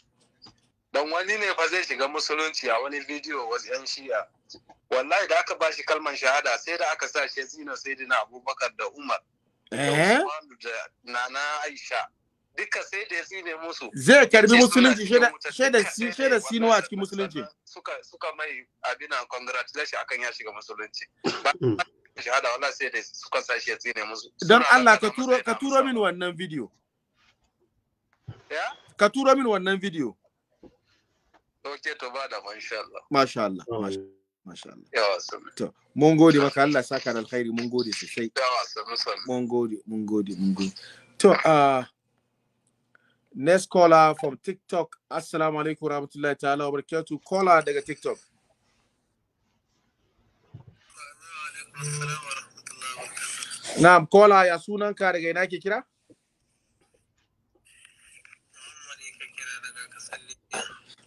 dan wani ne fa zai shiga musulunci a wani bidiyo wasu yan shiya wallahi da aka bashi kalmar shahada sai da aka sa shi zina sai dina abubakar da umar eh? da nana aisha duka sai da su ne musu zai karbi musulunci eh, shaida sinuwa a cikin musulunci suka mai abina congratulation akan ya shiga musulunci shahada wala sai da suka sa shi tsine musu don Allah ka turo ka turo min wannan video ka turo min wannan video Ok, to ba da masha Allah. Masha Allah. Masha Allah. Yawa sami. To, mun gode maka Allah saka da alkhairi mun gode sosai. Yawa sami sami. Mun gode, mun gode, mun gode. To, uh, next caller from TikTok. Assalamu alaikum warahmatullahi ta'ala wa barakatuh. Caller daga TikTok. Na'am, caller ya sunanka daga ina ke kira?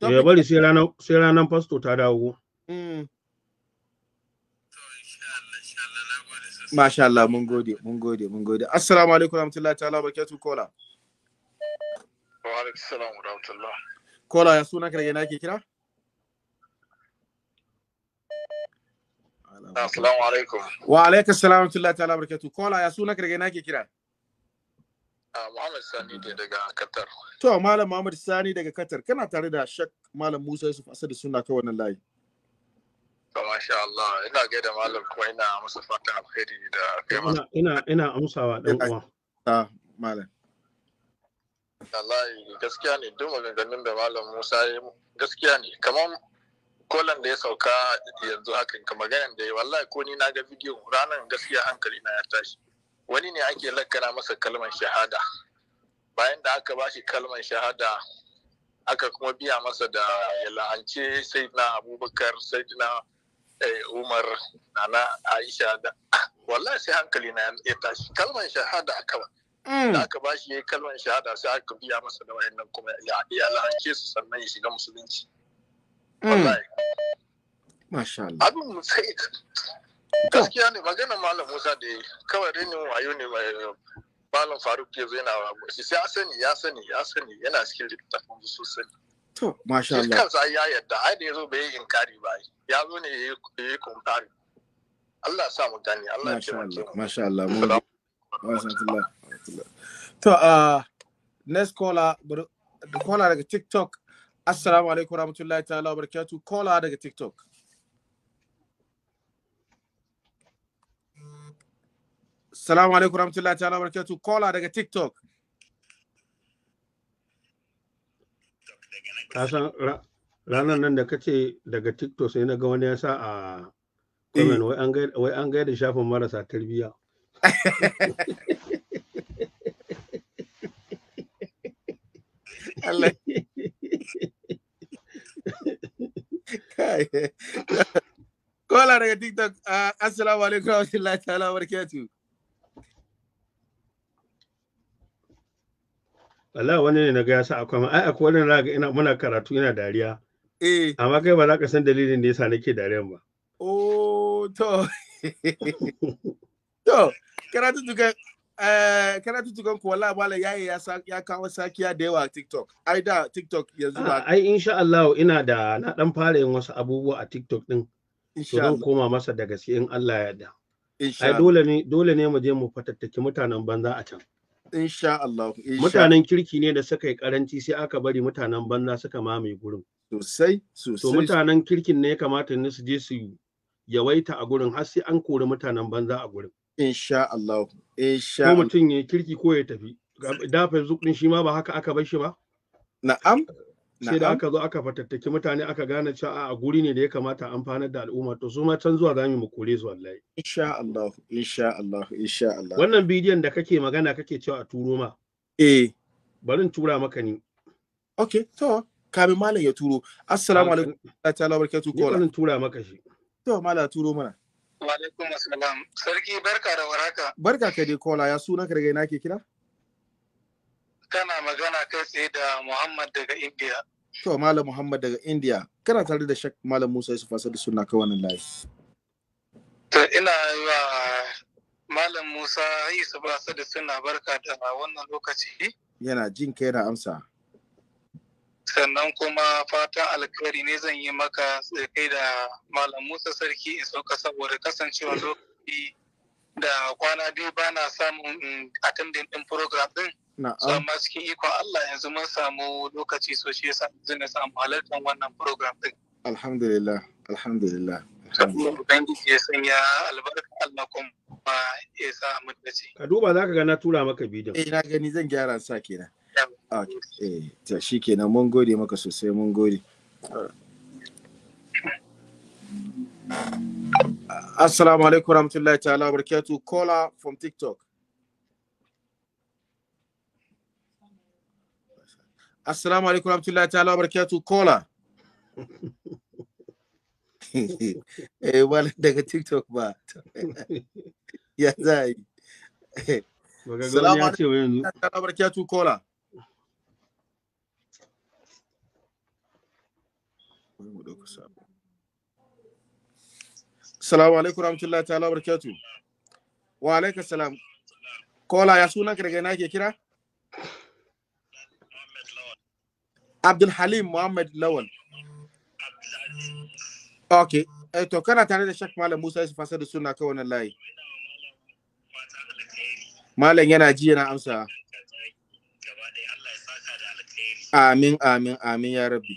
ya bari sai ranar sai ranar fasto ta dawo hmm. Masha Allah mun gode mun gode mun gode assalamu alaikum warahmatullahi ta'ala barakatuh kola wa alaikum salam warahmatullahi. kola ya suna kare yana ke kira assalamu alaikum wa alaikum salam warahmatullahi ta'ala barakatuh kola ya suna kare yana ke kira Ah, Muhammad Sani ne daga Qatar. To, Malam Muhammad Sani daga Qatar, kana tare da Shak Malam Musa Yusuf Asadu suna kai wannan layi. Ba masha Allah, ina gaida Malam kuma ina masa fatan alheri da kaima. Ina ina amsawa dan uwa. Ah, Malam. Wallahi gaskiya ne duk maganganun da Malam Musa ya gaskiya ne kamar kolan da ya sauka yanzu hakan ka maganan da ya wallahi ko ni na ga bidiyo ranar gaskiya hankali na ya tashi. wani ne ake lakana masa kalmar shahada bayan da aka ba shi kalmar shahada aka kuma biya masa da ya la'ance na abubakar sai na eh, umar na aisha da wallahi sai hankali na ya tashi kalmar shahada aka ba mm. da aka ba shi kalmar shahada sai aka biya masa da nan kuma ya la'ance su sannan ya shiga musulunci mm. wallahi masha Allah abin gaskiya ne magana malam musa da kawai rinin wayo ne mai malam faruk ya zo yana shi sai ya sani ya sani ya sani yana cikin littafin su sani to masha Allah kansa ya yadda ai da yazo bai yi inkari ba ya zo ne yayi yayi kumtari Allah sa mu gani Allah ya taimake mu masha Allah mu Allah to a uh, next caller the caller daga TikTok assalamu alaikum warahmatullahi ta'ala wabarakatuh caller daga TikTok Salamu alaikum rahmatullahi ta'ala barakatuh. Kola daga TikTok. Ka san ranar nan da kace daga TikTok sai na ga wani ya sa a comment eh. wai an gaida shafin marasa tarbiyya. Allah. Kola daga TikTok. Ah, Assalamu alaikum warahmatullahi ta'ala barakatuh. Allah wani ne na ga yasa akwai ma ai akwai wani na ina muna karatu ina dariya eh amma kai ba za ka san dalilin da yasa nake dariyan ba oh to to karatu tukan eh karatu tukan ku wallahi bala yayi ya ya kawo sakiya da yawa TikTok ai da TikTok yanzu ba ai insha Allah ina da na dan fara yin wasu abubuwa a TikTok din insha Allah koma masa da gaske in Allah ya yarda ai dole ne dole ne mu je mu fatattaki mutanen banza a can Insha Allah. Mutanen kirki ne da suka yi karanci sai aka bari mutanen banna suka mame gurin. Sosai, sosai. To mutanen kirkin ne ya kamata ne su je su yawaita a gurin har sai an kori mutanen banza a gurin. Insha Allah. Insha Ko mutum ya kirki ko ya tafi. Dafa zuƙin shi ma ba haka aka bar shi ba? Na'am. sai da aka zo aka fatattaki mutane aka gane cewa a guri ne da ya kamata amfanar da al'umma to su ma can zuwa zamu mu kore su wallahi insha Allah insha Allah insha Allah wannan bidiyon da kake magana kake cewa a turo ma eh barin tura maka ni okay to kamin malam ya turo assalamu alaikum ta'ala barkatu ko barin tura maka shi to malam turo mana wa alaikum assalam sarki barka da waraka. barka ka dai kola ya sunan ka daga ina ke kira kana magana kai tsaye da Muhammad daga India. To Malam Muhammad daga India, kana tare da Shek Malam Musa Yusuf Asadu suna kai wannan layi. To ina yiwa Malam Musa Yusuf Asadu suna barka da wannan lokaci. Yana jin kai na amsa. Sannan kuma fatan alkhairi ne zan yi maka kai da Malam Musa Sarki in sauka saboda kasancewa lokaci da kwana biyu ba na samun attending din program din. Na'am. Amma cikin ikon Allah yanzu mun samu lokaci so shi yasa yanzu na samu halartar wannan program din. Alhamdulillah, alhamdulillah. Ubangiji ya sanya albarka Allah kuma ya sa mu dace. Ka duba za ka ga na tura maka bidiyo. Eh na gani zan gyara sa kenan. Eh ta shi kenan mun gode maka sosai mun gode. Assalamu alaikum warahmatullahi ta'ala barakatuh caller from TikTok. Assalamu alaikum rahmatullahi ta'ala wa barakatuh kola. Eh wala daga TikTok ba. Ya zai. Assalamu alaikum ta'ala wa barakatuh kola. Assalamu alaikum rahmatullahi ta'ala wa barakatuh. Wa alaikum salam. Kola ya sunan ka daga ina ke kira? Abdulhalim Mohamed Lawal. Ok, eh, to kana tare da Shak Malam Musa Yusuf Fasar da suna kawai wannan layi. Malam yana ji yana amsa. Amin, amin, amin ya rabbi.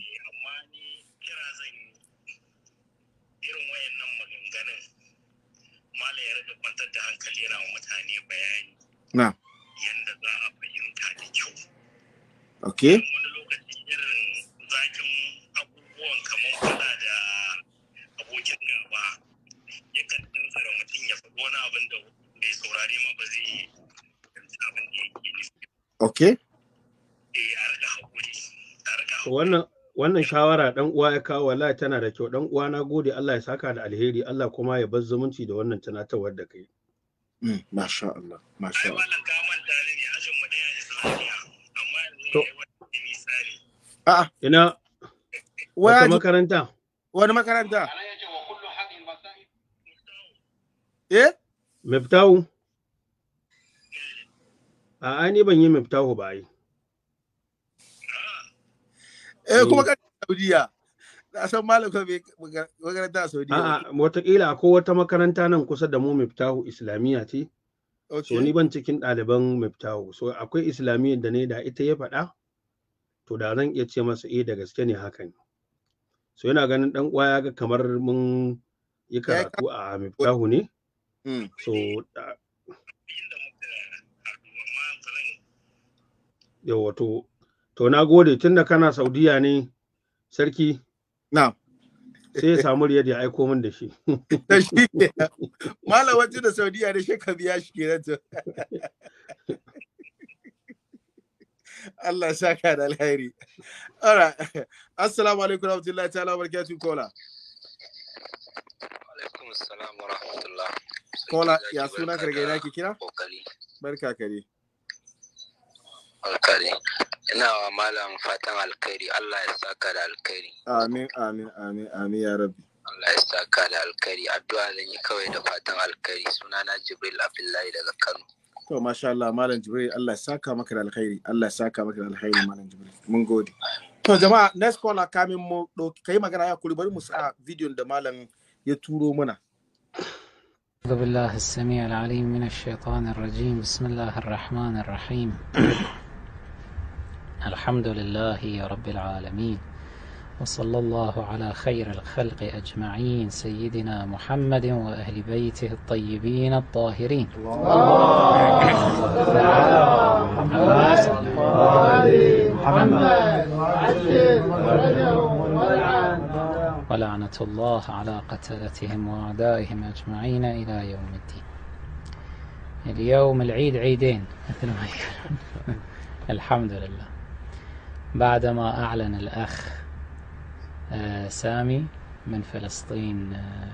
Na. Yanda za a fahimta da kyau. Okay. Wannan wannan shawara dan uwa ya kawo wallahi tana da kyau dan uwa na gode Allah ya saka da alheri Allah kuma ya bar zumunci da wannan tunatarwar da kai. Mm, masha Allah, masha Allah. To, a'a ina wata makaranta? Wani makaranta? Eh? Miftahu. A'a ni ban yi miftahu ba yi. Ah. Eh kuma eh. kan Saudiya. Na san malam ka makaranta a Saudiya. A'a wataƙila akwai wata makaranta nan kusa da mu miftahu Islamiyya ce. So ni ban cikin ɗaliban miftahu. So akwai islamiyya da ne da ita ya faɗa. To da zan iya ce masa eh da gaske ne hakan. So yana ganin ɗan ya ga kamar mun yi karatu a miftahu ne. Mm. So yawa to to na gode tunda kana saudiya ne sarki na sai ya samu riyar ya aiko min da shi da wajen da saudiya ne shekar biya shi ke to Allah ka da alheri. Alright. Assalamu alaikum rahmatullahi ta'ala barakatuh kola. Alaikum assalam warahmatullahi. Kola ya suna karge na ki kira? Barka kare. alkari ina wa malam fatan alkari Allah ya saka da alkari amin amin amin amin ya rabbi Allah ya saka da alkari addu'a zan yi kawai da fatan suna na Jibril Abdullahi daga Kano to masha Allah malam Jibril Allah ya saka maka da alkhairi Allah ya saka maka da alkhairi malam Jibril mun gode to jama'a next call kamin mu ɗauki kai magana ya kuri bari mu sa bidiyon da malam ya turo mana أعوذ بالله السميع العليم من الشيطان الرجيم بسم الله الرحمن الرحيم الحمد لله رب العالمين وصلى الله على خير الخلق أجمعين سيدنا محمد وأهل بيته الطيبين الطاهرين ولعنة الله على قتلتهم وأعدائهم أجمعين إلى يوم الدين اليوم العيد عيدين مثل ما يقولون الحمد لله بعدما أعلن الأخ آه، سامي من فلسطين آه،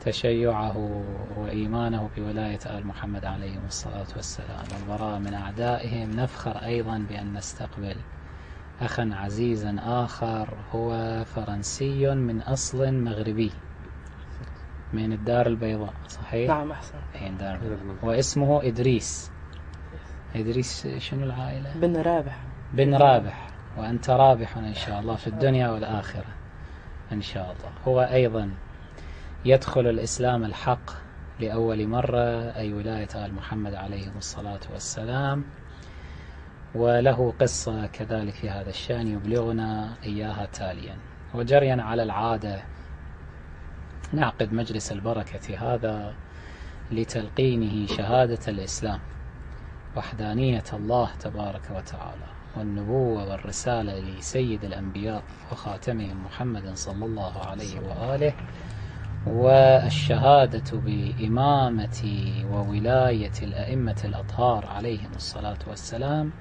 تشيعه وإيمانه بولاية آل محمد عليهم الصلاة والسلام والبراء من أعدائهم نفخر أيضا بأن نستقبل أخا عزيزا آخر هو فرنسي من أصل مغربي من الدار البيضاء صحيح؟ نعم أحسن إيه، دار نعم. واسمه إدريس إدريس شنو العائلة؟ بن رابح بن رابح وأنت رابح إن شاء الله في الدنيا والآخرة إن شاء الله هو أيضا يدخل الإسلام الحق لأول مرة أي ولاية آل محمد عليه الصلاة والسلام وله قصة كذلك في هذا الشأن يبلغنا إياها تاليا وجريا على العادة نعقد مجلس البركة هذا لتلقينه شهادة الإسلام وحدانية الله تبارك وتعالى والنبوة والرسالة لسيد الأنبياء وخاتمهم محمد صلى الله عليه وآله والشهادة بإمامة وولاية الأئمة الأطهار عليهم الصلاة والسلام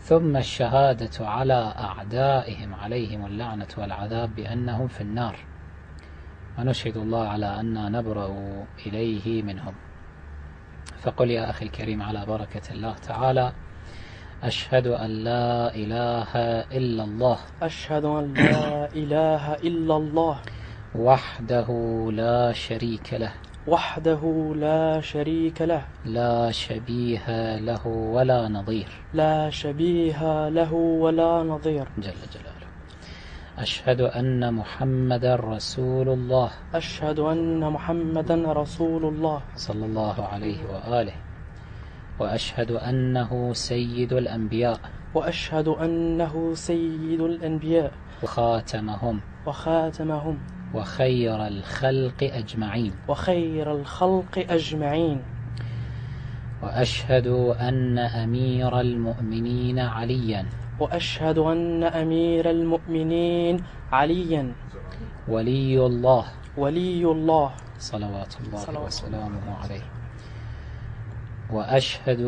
ثم الشهادة على أعدائهم عليهم اللعنة والعذاب بأنهم في النار ونشهد الله على أن نبرأ إليه منهم فقل يا أخي الكريم على بركة الله تعالى أشهد أن لا إله إلا الله أشهد أن لا إله إلا الله وحده لا شريك له وحده لا شريك له لا شبيه له ولا نظير لا شبيه له ولا نظير جل جلاله أشهد أن محمدا رسول الله أشهد أن محمدا رسول الله صلى الله عليه وآله وأشهد أنه سيد الأنبياء وأشهد أنه سيد الأنبياء وخاتمهم وخاتمهم وخير الخلق أجمعين وخير الخلق أجمعين وأشهد أن أمير المؤمنين عليا وأشهد أن أمير المؤمنين عليا ولي الله ولي الله صلوات الله, صلوات الله وسلامه عليه وأشهد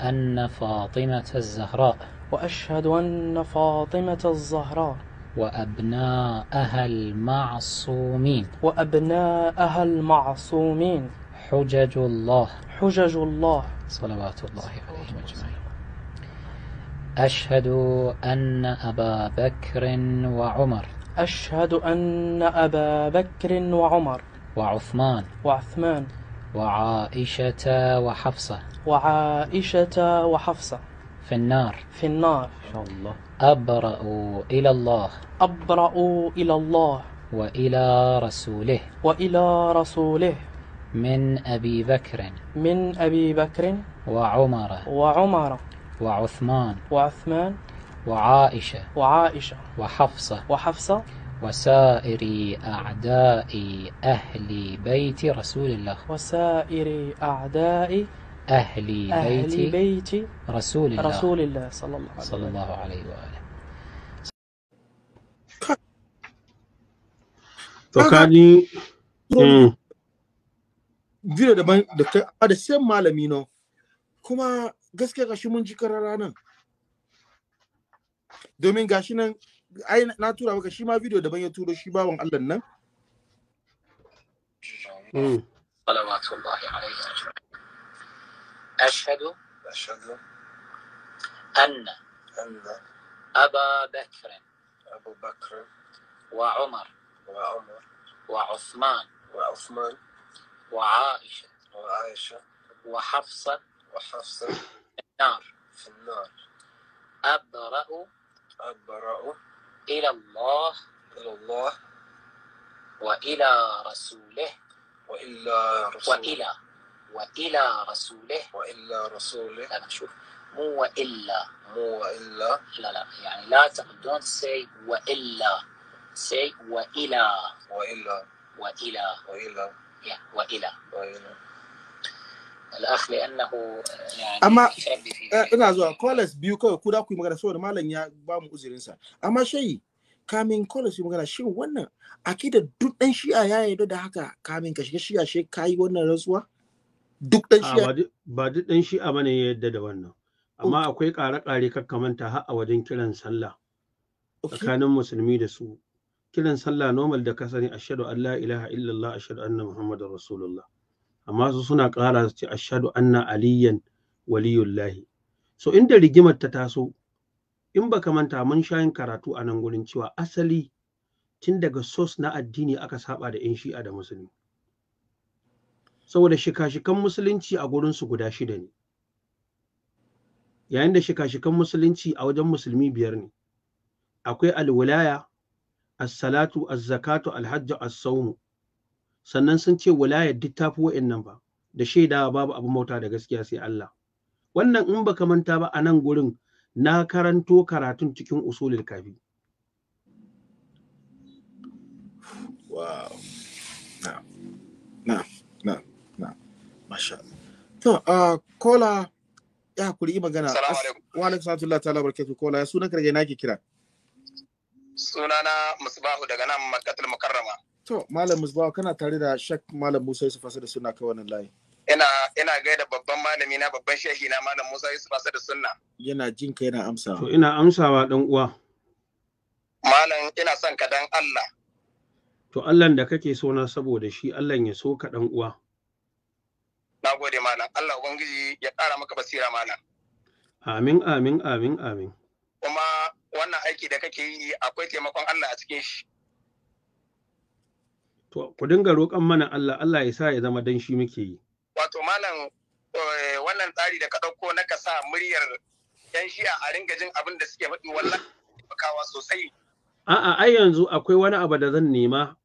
أن فاطمة الزهراء وأشهد أن فاطمة الزهراء وأبناءها المعصومين وأبناءها المعصومين حجج الله حجج الله صلوات الله عليهم أجمعين أشهد أن أبا بكر وعمر أشهد أن أبا بكر وعمر وعثمان وعثمان وعائشة وحفصة وعائشة وحفصة في النار في النار إن شاء الله أبرأ إلى الله أبرأ إلى الله وإلى رسوله وإلى رسوله من أبي بكر من أبي بكر وعمر وعمر وعثمان وعثمان وعائشة وعائشة وحفصة وحفصة وسائر أعداء أهل بيت رسول الله وسائر أعداء أهل, أهل بيت, رسول الله رسول الله صلى الله عليه, صلى الله عليه وآله to hmm. video daban da a da same malami no kuma gaskiya gashi mun ji domin gashi nan ai na tura maka shi ma video daban ya turo shi bawon Allah nan صلوات الله عليه أشهد أشهد أن أن أبا بكر أبو بكر وعمر وعمر وعثمان وعثمان وعائشة وعائشة وحفصة وحفصة في النار في النار أبرأ أبرأ إلى الله إلى الله وإلى رسوله وإلى رسوله وإلى وإلى رسوله وإلى رسوله لا لا شوف مو وإلا مو وإلا لا لا يعني لا don't say وإلا say وإلى وإلى وإلى وإلى yeah وإلى وإلى al'akh eh, ina zuwa callers biyu kawai ku da ku yi magana saboda malam ya ba mu amma shayi kamin callers yi magana shin wannan akida duk dan shi'a ya yarda da haka kamin ka shiga shi'a shi kai wannan rantsuwa duk dan shi'a ba duk dan shi'a bane ya yarda da wannan amma akwai kare-kare kakkamanta har a wajen kiran sallah tsakanin musulmi da su kiran sallah normal da ka sani ashhadu an la ilaha illallah ashhadu anna muhammadun rasulullah amma su suna ƙara su ce ashadu anna aliyan waliyullahi so inda rigimar ta taso in baka manta mun sha yin karatu a nan gurin cewa asali tun daga sos na addini aka saba da yan shi'a da musulmi saboda shika-shikan musulunci a gurinsu guda shida ne yayin da shika-shikan musulunci a wajen musulmi biyar ne akwai alwilaya assalatu, salatu az-zakatu sannan sun ce wilayar duk ta fi wa'annan ba da shaidawa babu abin bauta da gaskiya sai Allah wannan in baka manta ba a nan gurin na karanto karatun cikin usulul kafi wow na na na na masha to a kola ya hakuri magana wa alaikum salatu ta'ala barkatu kola ya sunan karje nake kira sunana musbahu daga nan makkatul mukarrama To, Malam Musbawa kana tare da Shek Malam Musa Yusuf da suna kai wannan layi. Ina ina gaida babban malami na babban shehi na Malam Musa Yusuf da sunna. Yana jin ka yana amsawa. To ina amsawa dan uwa. Malam ina son ka dan Allah. To Allah da kake so na saboda shi Allah ya so ka dan uwa. Na gode malam. Allah ubangiji ya ƙara maka basira malam. Amin amin amin amin. Kuma wannan aiki da kake yi akwai taimakon Allah a cikin shi. To, ku dinga roƙon mana Allah, Allah ya sa ya zama dan shi muke yi. Wato malam eh, wannan tsari da ka ɗauko na ka sa muryar yan shi'a a ringa jin abin da suke faɗi wallahi bakawa sosai. A'a, ai yanzu akwai wani abu da zan nema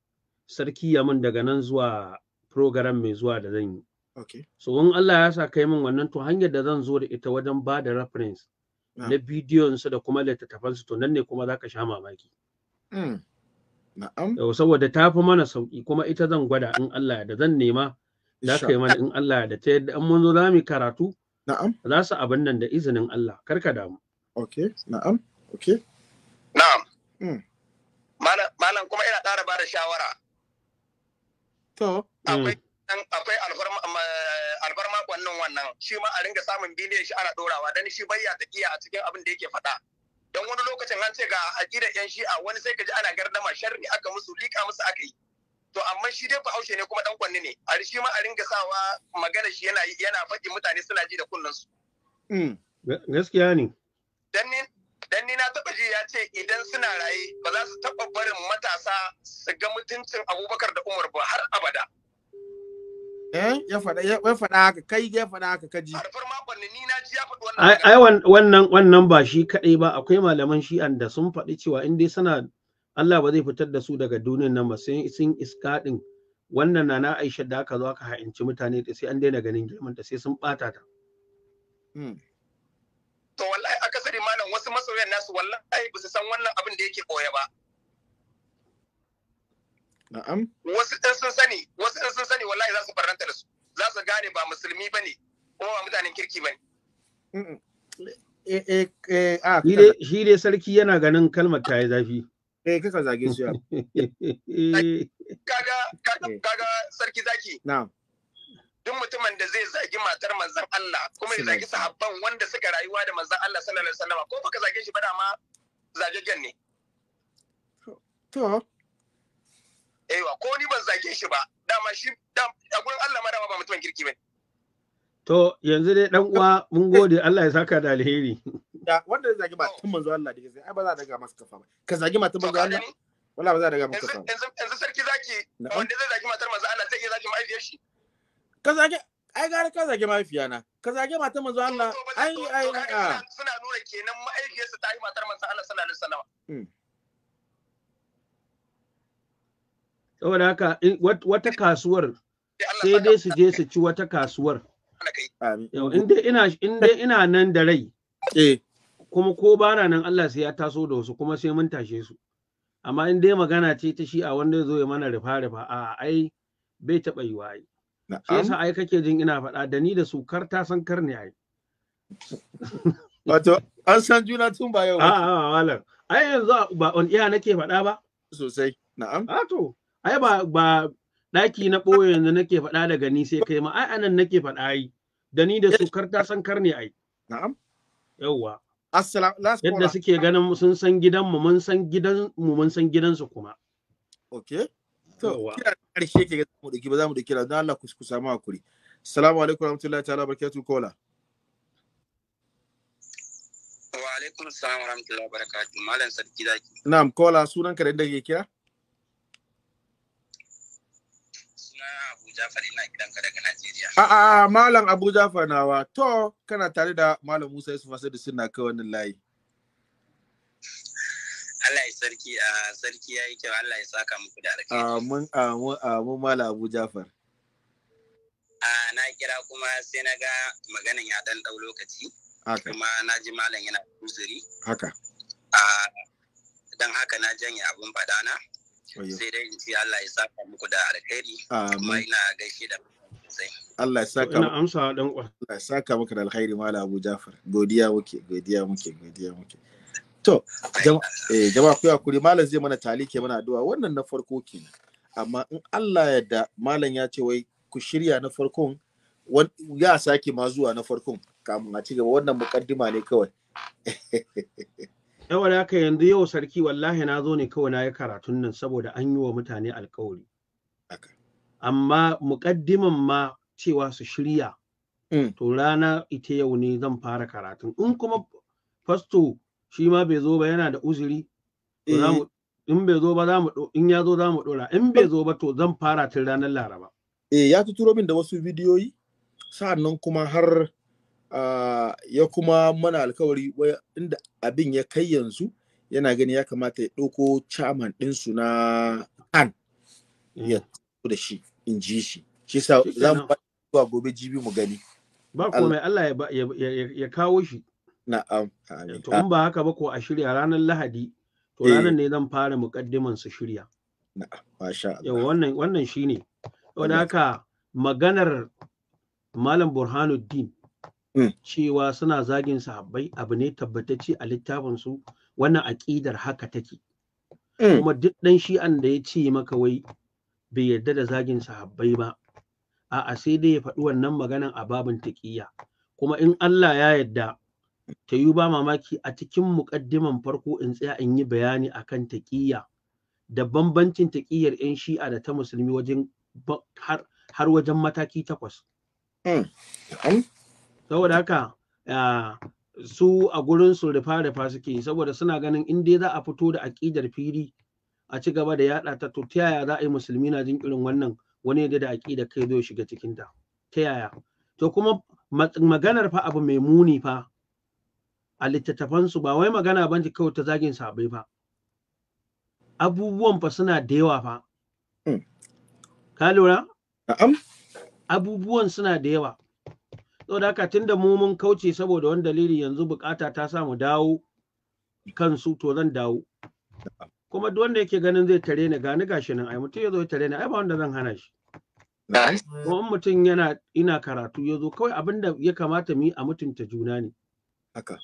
sarki ya min daga nan zuwa program mai zuwa da zan yi. Okay. So in Allah ya sa kai min wannan to hanyar da zan zo da ita wajen ba da reference na bidiyonsu da kuma littattafansu to nan ne kuma za ka sha mamaki. Hmm. Na'am. Yau saboda ta fi mana sauƙi, kuma ita zan gwada in Allah da zan nema za ka yi mana in Allah da ta yadda an mun zo za mu karatu. Na'am. Za su abin nan da izinin Allah kar ka damu. Ok na'am. ok. Na'am. Hmm. Malam kuma ina ƙara ba da shawara. To. Akwai hmm. akwai albarma wannan wannan shi ma a ringa samun biliyan shi ana ɗorawa don shi bayya ta iya a cikin abin da yake faɗa. dan wani lokacin an ce ga aƙidar yan shi'a wani sai ka ji ana gardama sharri aka musu liƙa musu aka yi to amma shi dai bahaushe ne kuma dan kwanni ne a shi ma a ringa sawa magana shi yana yana faɗi mutane suna ji da kunnen su mm. gaskiya ne dan ni dan ni na taba ji ya ce idan suna raye ba za su taba barin matasa su ga mutuncin abubakar da umar ba har abada Eh, ya faɗa ya faɗa haka kai ya faɗa haka kaji. Ai wannan wannan ba shi kaɗai ba akwai malaman shi'an da sun faɗi cewa in dai suna Allah ba zai fitar da su daga duniyar nan ba sai sun iskaɗin. wannan na na Aisha da aka zo aka ha'inci mutane da sai an daina ganin girman ta sai sun bata ta. Hmm. To wallahi akasari malam wasu masoyan nasu wallahi ba su san wannan abin da yake koya ba. Na'am. Wasu in sun sani, wasu in sun sani wallahi za su faranta da su. Za su gane ba musulmi ba ne, kuma ba mutanen kirki ba ne. Eh, eh, eh, ah, shi dai sarki yana ganin kalmar ta yi zafi. Eh, kaka zage su ya. Kaga, sarki zaki. Na'am. Duk mutumin da zai zagi matar manzan Allah kuma ya zagi sahabban wanda suka rayuwa da manzan Allah sallallahu alaihi wasallam ko baka zage shi ba da ma zage ne. To. Ewa, ko ni ban zage shi ba, dama shi a gurin Allah ma dama ba mutumin kirki ba. To, yanzu dai dan uwa mun gode Allah ya saka da alheri. Da wanda zai ba tun manzo Allah da gaskiya, ai ba za daga masa kafa ba. Ka zage matan manzo Allah? wallahi ba za daga masa kafa. Yanzu sarki zaki, wanda zai zagi matar manzo Allah zai iya zagi mahaifiyar shi. Ka zage ai gara ka zage mahaifiya na ka zage matar manzo Allah ai ai a ah. suna nuna kenan mahaifiyarsa ta yi matar manzo Allah sallallahu alaihi wasallam hmm. saboda haka wata kasuwar sai dai su je su ci wata kasuwar in dai ina nan da rai eh. kuma ko bana nan Allah sai ya taso da wasu kuma sai mun tashe su amma in dai magana ce ta shi a wanda zo ya mana rufa rufa a ai bai taɓa yi wa ai shi yasa ai kake jin ina faɗa da ni da su kar ta san kar ne ai wato an san juna tun ba yau a'a malam ai yanzu ba on iya nake faɗa ba sosai na'am a ah, to ai ba ba ɗaki na ɓoye yanzu nake faɗa daga ni sai kai ma ai anan nake faɗa ai da ni da su kar ta san kar ne ai na'am yawwa yadda suke ganin sun san gidan mu mun san gidan mu mun san gidan su kuma okay to kira karshe ke ga mu dauki ba za mu da kira dan Allah ku ku samu hakuri assalamu alaikum warahmatullahi ta'ala barakatuh kola wa alaikum assalam warahmatullahi barakatuh malam sarki zaki na'am kola sunan ka da kake kira Jafar ina gidanka daga Najeriya. A a Malam Abu Jafar nawa to kana tare da Malam Musa Yusuf da suna kai wannan layi. Allah ya sarki a sarki yayi kyau Allah ya saka muku da alƙairi. Amin amin amin Malam Abu Jafar. A na kira kuma sai na ga maganan ya dan dau lokaci. Kuma na ji malam yana uzuri. Haka. A dan haka na janye abun fadana. sai dai in ce Allah ya saka muku da alkhairi amma ina gaishe da Allah ya saka ina amsa dan uwa Allah ya saka maka da alkhairi mallam Abu Jafar godiya muke godiya muke godiya muke to eh, jama'a ku kuri malam zai mana talike mana addu'a wannan na farko kenan amma in Allah ya da malam ya ce wai ku shirya na farkon ya sake ma zuwa na farkon kamun a ci gaba wannan mukaddima ne kawai Yawan haka yanzu yau sarki wallahi na zo ne kawai na yi karatun nan saboda an yi wa mutane alkawari. Amma muƙaddiman ma cewa su shirya. Mm. To rana ita yau ne zan fara karatun. In kuma fasto shi ma bai zo ba yana da uzuri. Eh. In bai zo ba za mu in ya zo za mu ɗora. In bai zo ba to zan fara tun ranar Laraba. Eh ya tuturo min da wasu bidiyoyi. Sa'an nan kuma har ya kuma mana alkawari inda abin ya kai yanzu yana gani ya kamata ya ɗauko chairman ɗinsu na an mm. ya da shi in ji shi shi sa za mu zuwa gobe jibi mu gani ba komai Allah ya kawo shi na'am to in ba haka ba ko a shirya ranar lahadi to eh. ranar ne zan fara muƙaddiman su shirya na'am masha Allah wannan wannan shine wanda haka maganar malam Burhanuddin Mm. cewa suna zagin sahabbai abu ne tabbatacce a littafin su wannan aƙidar haka take mm. kuma duk ɗan shi'an da ya ce maka wai bai yarda da zagin sahabbai ba a'a sai dai ya faɗi wannan maganan a babin taƙiyya kuma in Allah ya yarda ta yi ba mamaki a cikin muƙaddiman farko in tsaya in yi bayani akan taƙiyya da bambancin taƙiyyar 'yan shi'a da ta musulmi wajen har wajen mataki takwas. Mm. saboda haka su a gurin su rufa-rufa suke saboda suna ganin in dai za a fito da aƙidar fili a ci gaba da yaɗa ta to ta yaya za a yi musulmi na jin wannan wani da da aƙida kai zai shiga cikin ta ta yaya to kuma maganar fa abu mai muni fa a littattafan su ba wai magana ban kawai ta zagin sabai fa abubuwan fa suna da yawa fa hmm. ka lura abubuwan suna da yawa saboda haka tunda mu mun kauce saboda wani dalili yanzu bukata ta samu dawo kansu to zan dawo kuma duk wanda yake ganin zai tare ni gani gashi nan ai mutum ya ya tare ni ai ba wanda zan hana shi kuma mutum yana ina karatu yazo zo kawai abin ya kamata mu yi a mutunta juna ne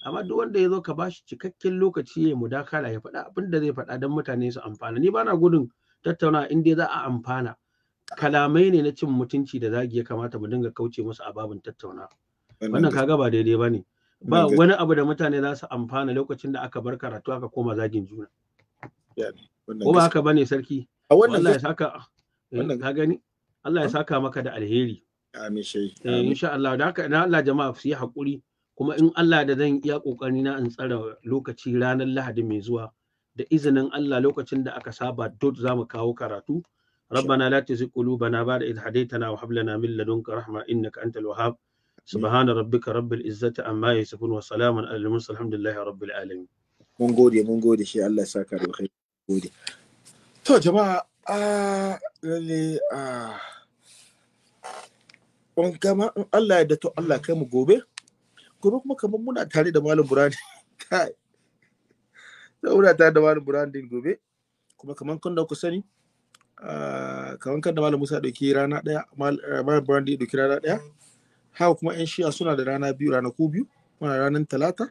amma duk wanda ya zo ka bashi cikakken lokaci ya mudakala ya faɗa abin zai faɗa don mutane su amfana ni bana gudun tattauna in za a amfana kalamai ne na cin mutunci da zagi ya kamata mu dinga kauce musu a babin tattauna wannan kaga ba daidai ba ne ba wani abu da mutane za su amfana lokacin da aka bar karatu aka koma zagin juna ko ba haka bane sarki A wannan. saka eh, ka gani Allah ya saka maka da alheri amin shi eh, insha Allah da haka na Allah jama'a su yi hakuri kuma in Allah da zan iya kokari na in tsara lokaci ranar Lahadi mai zuwa da izinin Allah lokacin da aka saba dot zamu kawo karatu ربنا لا تزغ قلوبنا بعد إذ هديتنا وهب لنا من لدنك رحمة إنك أنت الوهاب سبحان ربك رب العزة عما يصفون وسلام على المرسلين الحمد لله رب العالمين mun gode mun gode shi Allah ya saka da kai gode to jama'a a lalle a on gama Allah ya dato Allah kai mu gobe gobe kuma kamar muna tare da malam burani kai muna tare da malam burani gobe kuma kamar kun da ku sani Ah, kamar kan da malam musa dauki rana ɗaya eh, malam brandi ya rana ɗaya haka kuma yan shi'a suna da rana biyu rana ko biyu muna ranar talata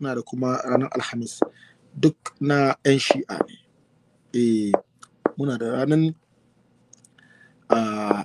muna da kuma ranar alhamis duk na yan shi'a ne eh, muna da ranar ah,